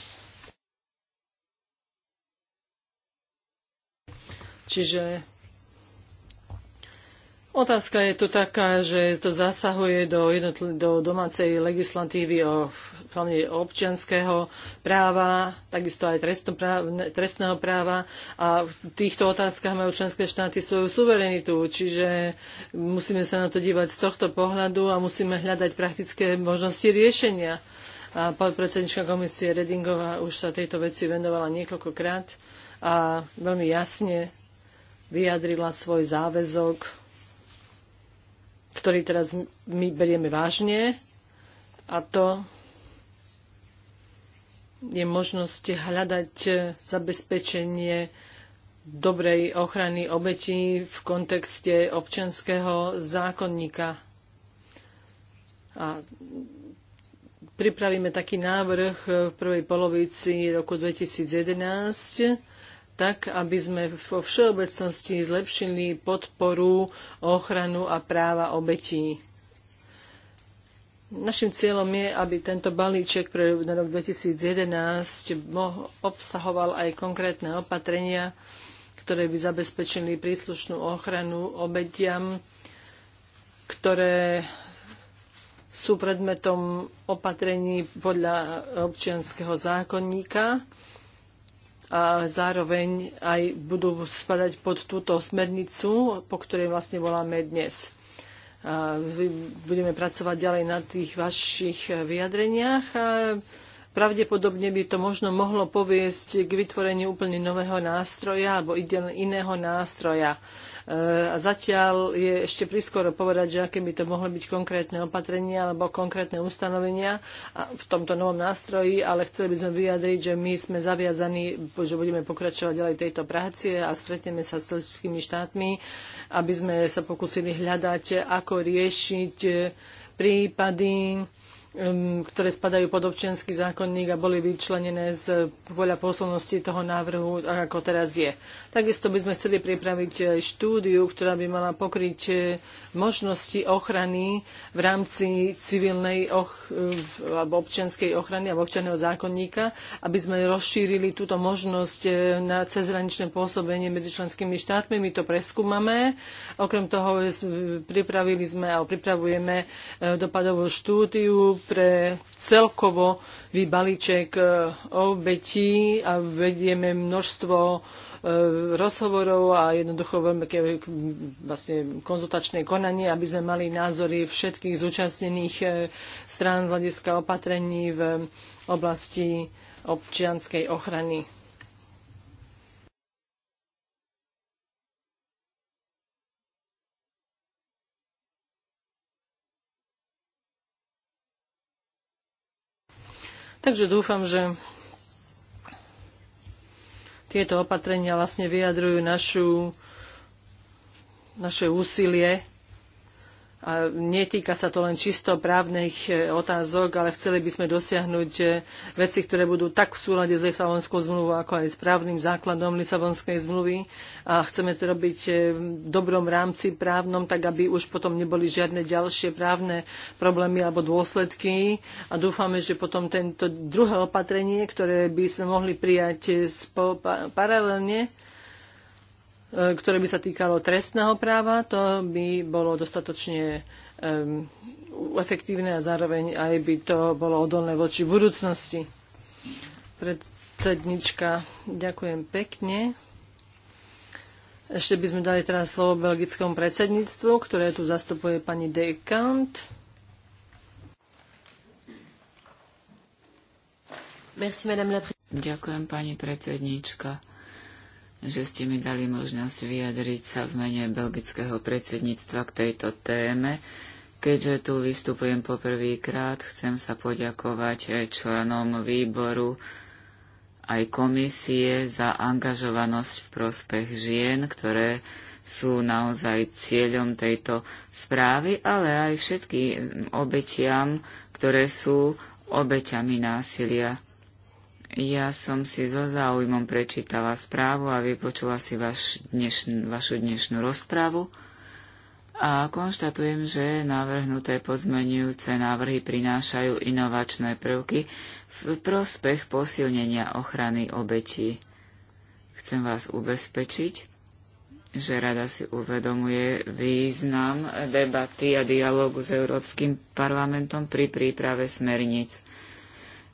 Čiže Otázka je tu taká, že to zasahuje do, jednotl- do domácej legislatívy o hlavne občianského práva, takisto aj trestného práva a v týchto otázkach majú členské štáty svoju suverenitu, čiže musíme sa na to dívať z tohto pohľadu a musíme hľadať praktické možnosti riešenia. A podpredsednička komisie Redingová už sa tejto veci venovala niekoľkokrát a veľmi jasne vyjadrila svoj záväzok ktorý teraz my berieme vážne a to je možnosť hľadať zabezpečenie dobrej ochrany obetí v kontexte občianského zákonníka. A pripravíme taký návrh v prvej polovici roku 2011 tak, aby sme vo všeobecnosti zlepšili podporu, ochranu a práva obetí. Našim cieľom je, aby tento balíček pre na rok 2011 obsahoval aj konkrétne opatrenia, ktoré by zabezpečili príslušnú ochranu obetiam, ktoré sú predmetom opatrení podľa občianského zákonníka a zároveň aj budú spadať pod túto smernicu, po ktorej vlastne voláme dnes. budeme pracovať ďalej na tých vašich vyjadreniach. pravdepodobne by to možno mohlo poviesť k vytvoreniu úplne nového nástroja alebo iného nástroja. A zatiaľ je ešte priskoro povedať, že aké by to mohli byť konkrétne opatrenia alebo konkrétne ustanovenia v tomto novom nástroji, ale chceli by sme vyjadriť, že my sme zaviazaní, že budeme pokračovať ďalej tejto práci a stretneme sa s členskými štátmi, aby sme sa pokúsili hľadať, ako riešiť prípady Um, ktoré spadajú pod občianský zákonník a boli vyčlenené z voľa pôsobnosti toho návrhu, ako teraz je. Takisto by sme chceli pripraviť eh, štúdiu, ktorá by mala pokryť eh, možnosti ochrany v rámci civilnej och- eh, alebo občianskej ochrany alebo občianneho zákonníka, aby sme rozšírili túto možnosť na cezhraničné pôsobenie medzi členskými štátmi. My to preskúmame. Okrem toho pripravili sme a pripravujeme dopadovú štúdiu pre celkovo balíček e, obetí a vedieme množstvo e, rozhovorov a jednoducho veľmi vlastne konzultačné konanie, aby sme mali názory všetkých zúčastnených e, strán z hľadiska opatrení v oblasti občianskej ochrany. Takže dúfam, že tieto opatrenia vlastne vyjadrujú našu, naše úsilie a netýka sa to len čisto právnych e, otázok, ale chceli by sme dosiahnuť e, veci, ktoré budú tak v súlade s Lisabonskou zmluvou, ako aj s právnym základom Lisabonskej zmluvy. A chceme to robiť e, v dobrom rámci právnom, tak aby už potom neboli žiadne ďalšie právne problémy alebo dôsledky. A dúfame, že potom tento druhé opatrenie, ktoré by sme mohli prijať paralelne, E, ktoré by sa týkalo trestného práva. To by bolo dostatočne um, efektívne a zároveň aj by to bolo odolné voči budúcnosti. Predsednička, ďakujem pekne. Ešte by sme dali teraz slovo belgickému predsedníctvu, ktoré tu zastupuje pani Dekant. Ďakujem, pani predsednička že ste mi dali možnosť vyjadriť sa v mene belgického predsedníctva k tejto téme. Keďže tu vystupujem poprvýkrát, chcem sa poďakovať členom výboru aj komisie za angažovanosť v prospech žien, ktoré sú naozaj cieľom tejto správy, ale aj všetkým obetiam, ktoré sú obeťami násilia. Ja som si so záujmom prečítala správu a vypočula si vaš dnešn, vašu dnešnú rozprávu a konštatujem, že navrhnuté pozmenujúce návrhy prinášajú inovačné prvky v prospech posilnenia ochrany obetí. Chcem vás ubezpečiť, že rada si uvedomuje význam debaty a dialogu s Európskym parlamentom pri príprave smerníc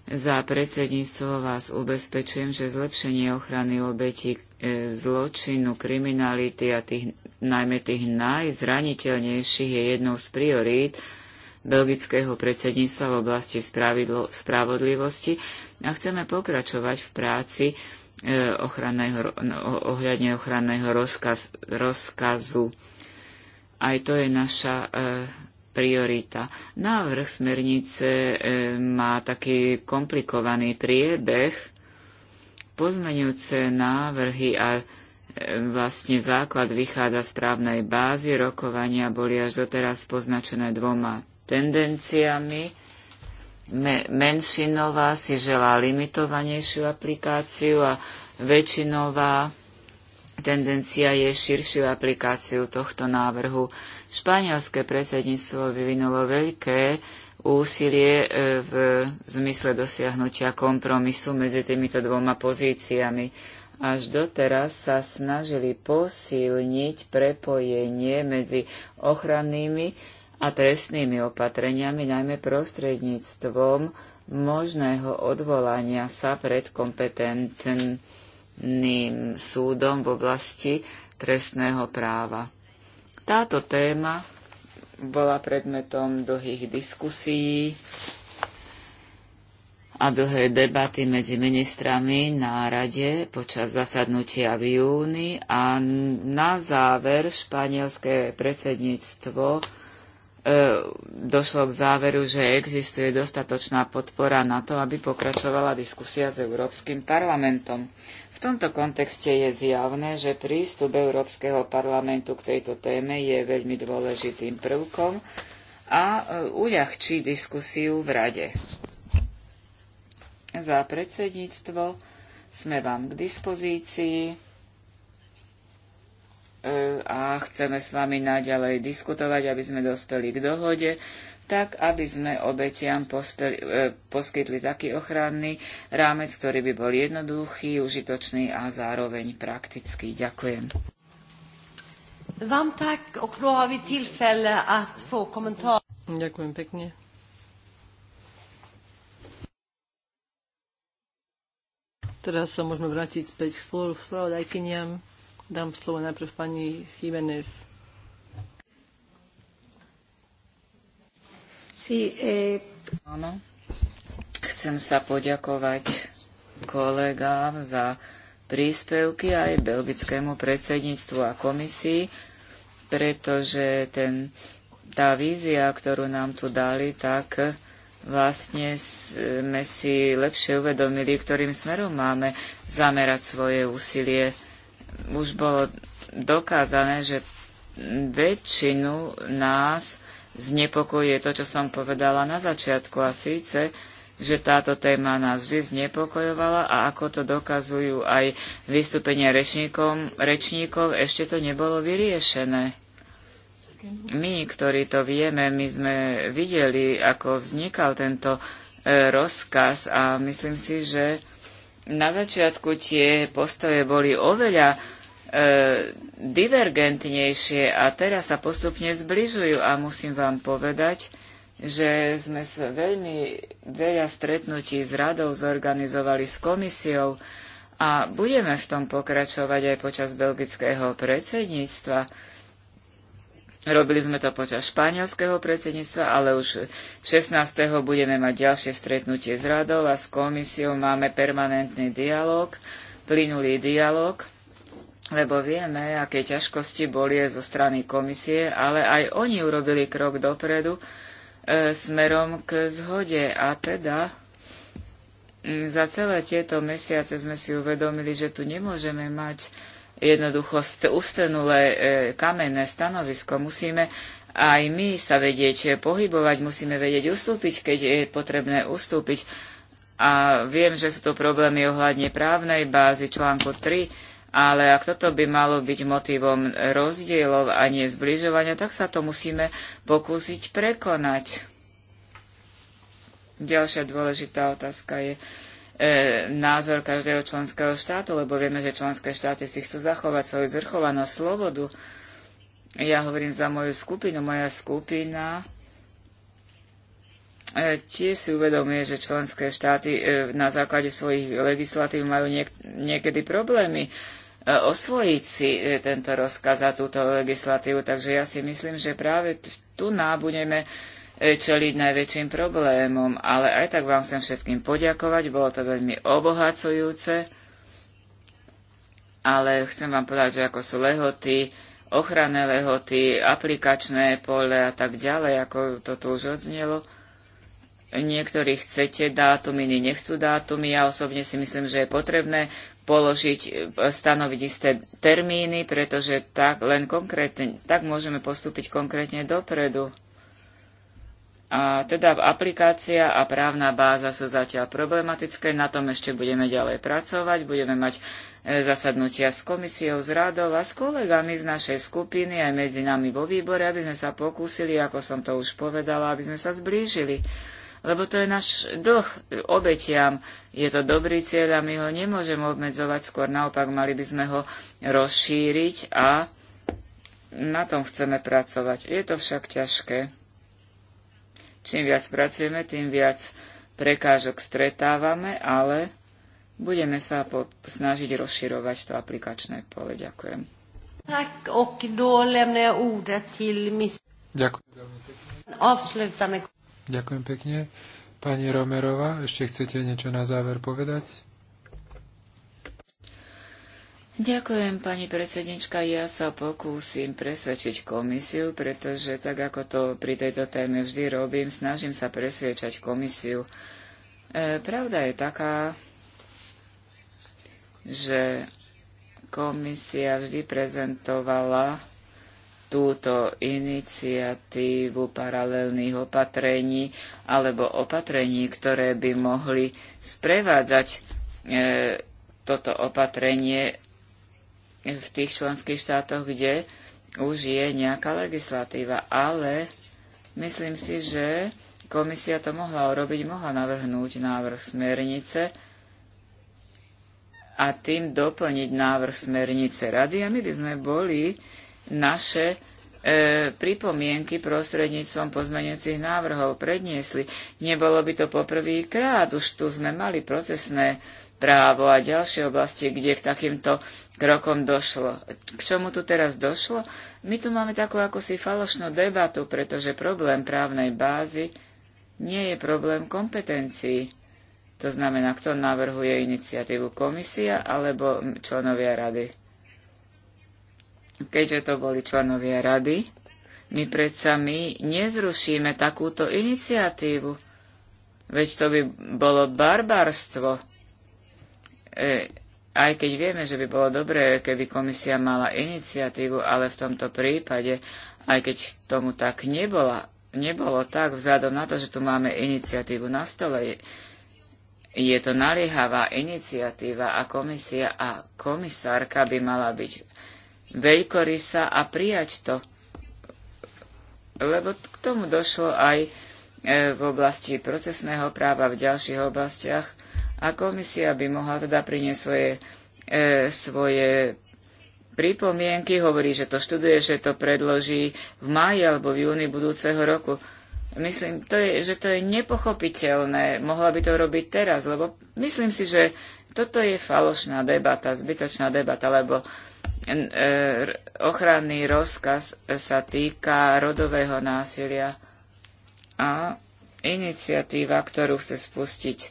za predsedníctvo vás ubezpečujem, že zlepšenie ochrany obetí e, zločinu, kriminality a tých, najmä tých najzraniteľnejších je jednou z priorít belgického predsedníctva v oblasti spravodlivosti a chceme pokračovať v práci e, ochranného, no, ohľadne ochranného rozkaz, rozkazu. Aj to je naša e, priorita. Návrh smernice e, má taký komplikovaný priebeh. Pozmeňujúce návrhy a e, vlastne základ vychádza z právnej bázy. Rokovania boli až doteraz poznačené dvoma tendenciami. menšinová si želá limitovanejšiu aplikáciu a väčšinová tendencia je širšiu aplikáciu tohto návrhu Španielské predsedníctvo vyvinulo veľké úsilie e, v zmysle dosiahnutia kompromisu medzi týmito dvoma pozíciami. Až doteraz sa snažili posilniť prepojenie medzi ochrannými a trestnými opatreniami, najmä prostredníctvom možného odvolania sa pred kompetentným súdom v oblasti trestného práva. Táto téma bola predmetom dlhých diskusí a dlhé debaty medzi ministrami na rade počas zasadnutia v júni a na záver španielské predsedníctvo e, došlo k záveru, že existuje dostatočná podpora na to, aby pokračovala diskusia s Európskym parlamentom tomto kontexte je zjavné, že prístup Európskeho parlamentu k tejto téme je veľmi dôležitým prvkom a e, uľahčí diskusiu v Rade. Za predsedníctvo sme vám k dispozícii e, a chceme s vami naďalej diskutovať, aby sme dospeli k dohode tak aby sme obetiam pospeli, e, poskytli taký ochranný rámec, ktorý by bol jednoduchý, užitočný a zároveň praktický. Ďakujem. Vám tak, Ďakujem pekne. Teraz sa môžeme vrátiť späť k spravodajkyniam. Dám slovo najprv pani Jimenez. Eh, Áno. Chcem sa poďakovať kolegám za príspevky aj belgickému predsedníctvu a komisii, pretože ten, tá vízia, ktorú nám tu dali, tak vlastne sme si lepšie uvedomili, ktorým smerom máme zamerať svoje úsilie. Už bolo dokázané, že väčšinu nás znepokojuje to, čo som povedala na začiatku a síce, že táto téma nás vždy znepokojovala a ako to dokazujú aj vystúpenia rečníkom, rečníkov, ešte to nebolo vyriešené. My, ktorí to vieme, my sme videli, ako vznikal tento e, rozkaz a myslím si, že na začiatku tie postoje boli oveľa E, divergentnejšie a teraz sa postupne zbližujú a musím vám povedať, že sme sa veľmi veľa stretnutí s radou zorganizovali s komisiou a budeme v tom pokračovať aj počas belgického predsedníctva. Robili sme to počas španielského predsedníctva, ale už 16. budeme mať ďalšie stretnutie s radou a s komisiou máme permanentný dialog, plynulý dialog lebo vieme, aké ťažkosti boli zo strany komisie, ale aj oni urobili krok dopredu e, smerom k zhode. A teda za celé tieto mesiace sme si uvedomili, že tu nemôžeme mať jednoducho ustenulé e, kamenné stanovisko. Musíme aj my sa vedieť pohybovať, musíme vedieť ustúpiť, keď je potrebné ustúpiť. A viem, že sú to problémy ohľadne právnej bázy článku 3 ale ak toto by malo byť motivom rozdielov a nie zbližovania, tak sa to musíme pokúsiť prekonať. Ďalšia dôležitá otázka je e, názor každého členského štátu, lebo vieme, že členské štáty si chcú zachovať svoju zrchovanú slobodu. Ja hovorím za moju skupinu. Moja skupina e, tiež si uvedomuje, že členské štáty e, na základe svojich legislatív majú niek niekedy problémy E, osvojiť si e, tento rozkaz a túto legislatívu. Takže ja si myslím, že práve tu nábudeme e, čeliť najväčším problémom. Ale aj tak vám chcem všetkým poďakovať, bolo to veľmi obohacujúce. Ale chcem vám povedať, že ako sú lehoty, ochranné lehoty, aplikačné pole a tak ďalej, ako to tu už odznelo. Niektorí chcete dátumy, iní nechcú dátumy. Ja osobne si myslím, že je potrebné položiť, e, stanoviť isté termíny, pretože tak len konkrétne, tak môžeme postúpiť konkrétne dopredu. A teda aplikácia a právna báza sú zatiaľ problematické, na tom ešte budeme ďalej pracovať, budeme mať e, zasadnutia s komisiou, s radou a s kolegami z našej skupiny aj medzi nami vo výbore, aby sme sa pokúsili, ako som to už povedala, aby sme sa zblížili lebo to je náš dlh obetiam. Je to dobrý cieľ a my ho nemôžeme obmedzovať, skôr naopak mali by sme ho rozšíriť a na tom chceme pracovať. Je to však ťažké. Čím viac pracujeme, tým viac prekážok stretávame, ale budeme sa po- snažiť rozširovať to aplikačné pole. Ďakujem. Tak, ordet till Ďakujem. Ďakujem pekne. Pani Romerová, ešte chcete niečo na záver povedať? Ďakujem, pani predsednička. Ja sa pokúsim presvedčiť komisiu, pretože tak ako to pri tejto téme vždy robím, snažím sa presviečať komisiu. E, pravda je taká, že komisia vždy prezentovala túto iniciatívu paralelných opatrení alebo opatrení, ktoré by mohli sprevádzať e, toto opatrenie v tých členských štátoch, kde už je nejaká legislatíva. Ale myslím si, že komisia to mohla urobiť, mohla navrhnúť návrh smernice a tým doplniť návrh smernice rady a my by sme boli naše e, pripomienky prostredníctvom pozmeňujúcich návrhov predniesli. Nebolo by to poprvýkrát, už tu sme mali procesné právo a ďalšie oblasti, kde k takýmto krokom došlo. K čomu tu teraz došlo? My tu máme takú akúsi falošnú debatu, pretože problém právnej bázy nie je problém kompetencií. To znamená, kto navrhuje iniciatívu komisia alebo členovia rady keďže to boli členovia rady, my predsa my nezrušíme takúto iniciatívu. Veď to by bolo barbarstvo. E, aj keď vieme, že by bolo dobré, keby komisia mala iniciatívu, ale v tomto prípade, aj keď tomu tak nebola, nebolo tak, vzhľadom na to, že tu máme iniciatívu na stole, je, je to naliehavá iniciatíva a komisia a komisárka by mala byť veľkorysa a prijať to. Lebo k tomu došlo aj e, v oblasti procesného práva v ďalších oblastiach a komisia by mohla teda priniesť svoje, e, svoje pripomienky, hovorí, že to študuje, že to predloží v máji alebo v júni budúceho roku. Myslím, to je, že to je nepochopiteľné. Mohla by to robiť teraz, lebo myslím si, že toto je falošná debata, zbytočná debata, lebo e, ochranný rozkaz sa týka rodového násilia a iniciatíva, ktorú chce spustiť e,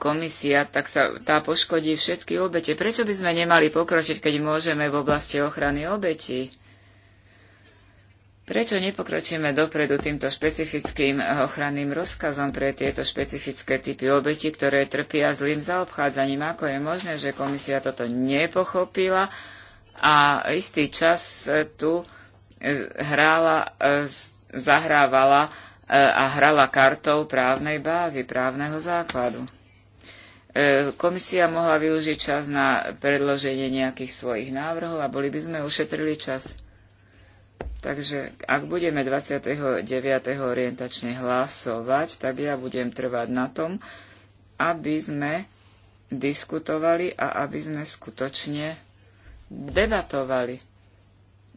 komisia, tak sa tá poškodí všetky obete. Prečo by sme nemali pokročiť, keď môžeme v oblasti ochrany obetí? Prečo nepokročíme dopredu týmto špecifickým ochranným rozkazom pre tieto špecifické typy obeti, ktoré trpia zlým zaobchádzaním? Ako je možné, že komisia toto nepochopila a istý čas tu hrála, zahrávala e, a hrala kartou právnej bázy, právneho základu? E, komisia mohla využiť čas na predloženie nejakých svojich návrhov a boli by sme ušetrili čas. Takže ak budeme 29. orientačne hlasovať, tak ja budem trvať na tom, aby sme diskutovali a aby sme skutočne debatovali.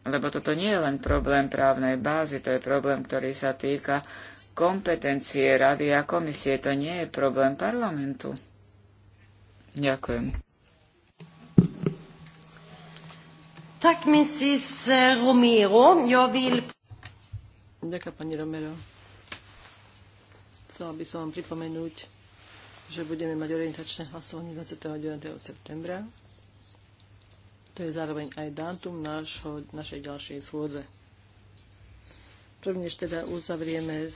Lebo toto nie je len problém právnej bázy, to je problém, ktorý sa týka kompetencie rady a komisie. To nie je problém parlamentu. Ďakujem. Tak, Mrs. Romero, Ďakujem, pani Romero. Chcela by som vám pripomenúť, že budeme mať orientačné hlasovanie 29. septembra. To je zároveň aj dátum našho, našej ďalšej schôdze. Prvnež teda uzavrieme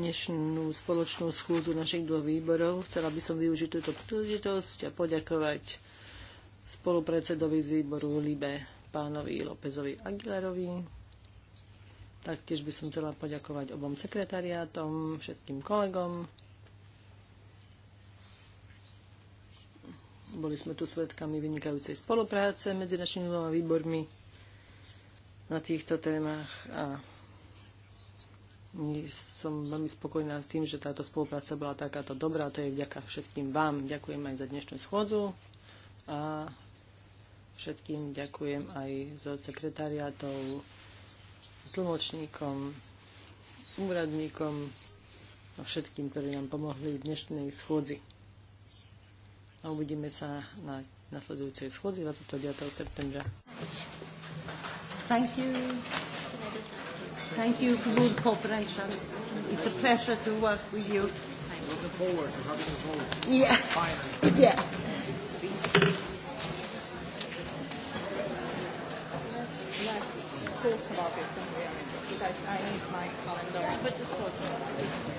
dnešnú spoločnú schôdzu našich dvoch výborov. Chcela by som využiť túto príležitosť a poďakovať spolupredsedovi z výboru LIBE pánovi Lópezovi Aguilerovi. Taktiež by som chcela poďakovať obom sekretariátom, všetkým kolegom. Boli sme tu svedkami vynikajúcej spolupráce medzi našimi dvoma výbormi na týchto témach a som veľmi spokojná s tým, že táto spolupráca bola takáto dobrá. To je vďaka všetkým vám. Ďakujem aj za dnešnú schôdzu a Všetkým ďakujem aj zo sekretariátov, tlmočníkom, úradníkom a všetkým, ktorí nám pomohli v dnešnej schôdzi. A uvidíme sa na nasledujúcej schôdzi 29. septembra. Thank you. Thank you for good cooperation. It's a pleasure to work with you. Looking forward to having you forward. Yeah. Finally. Yeah. talk about it from here because I need my calendar. but just sort of.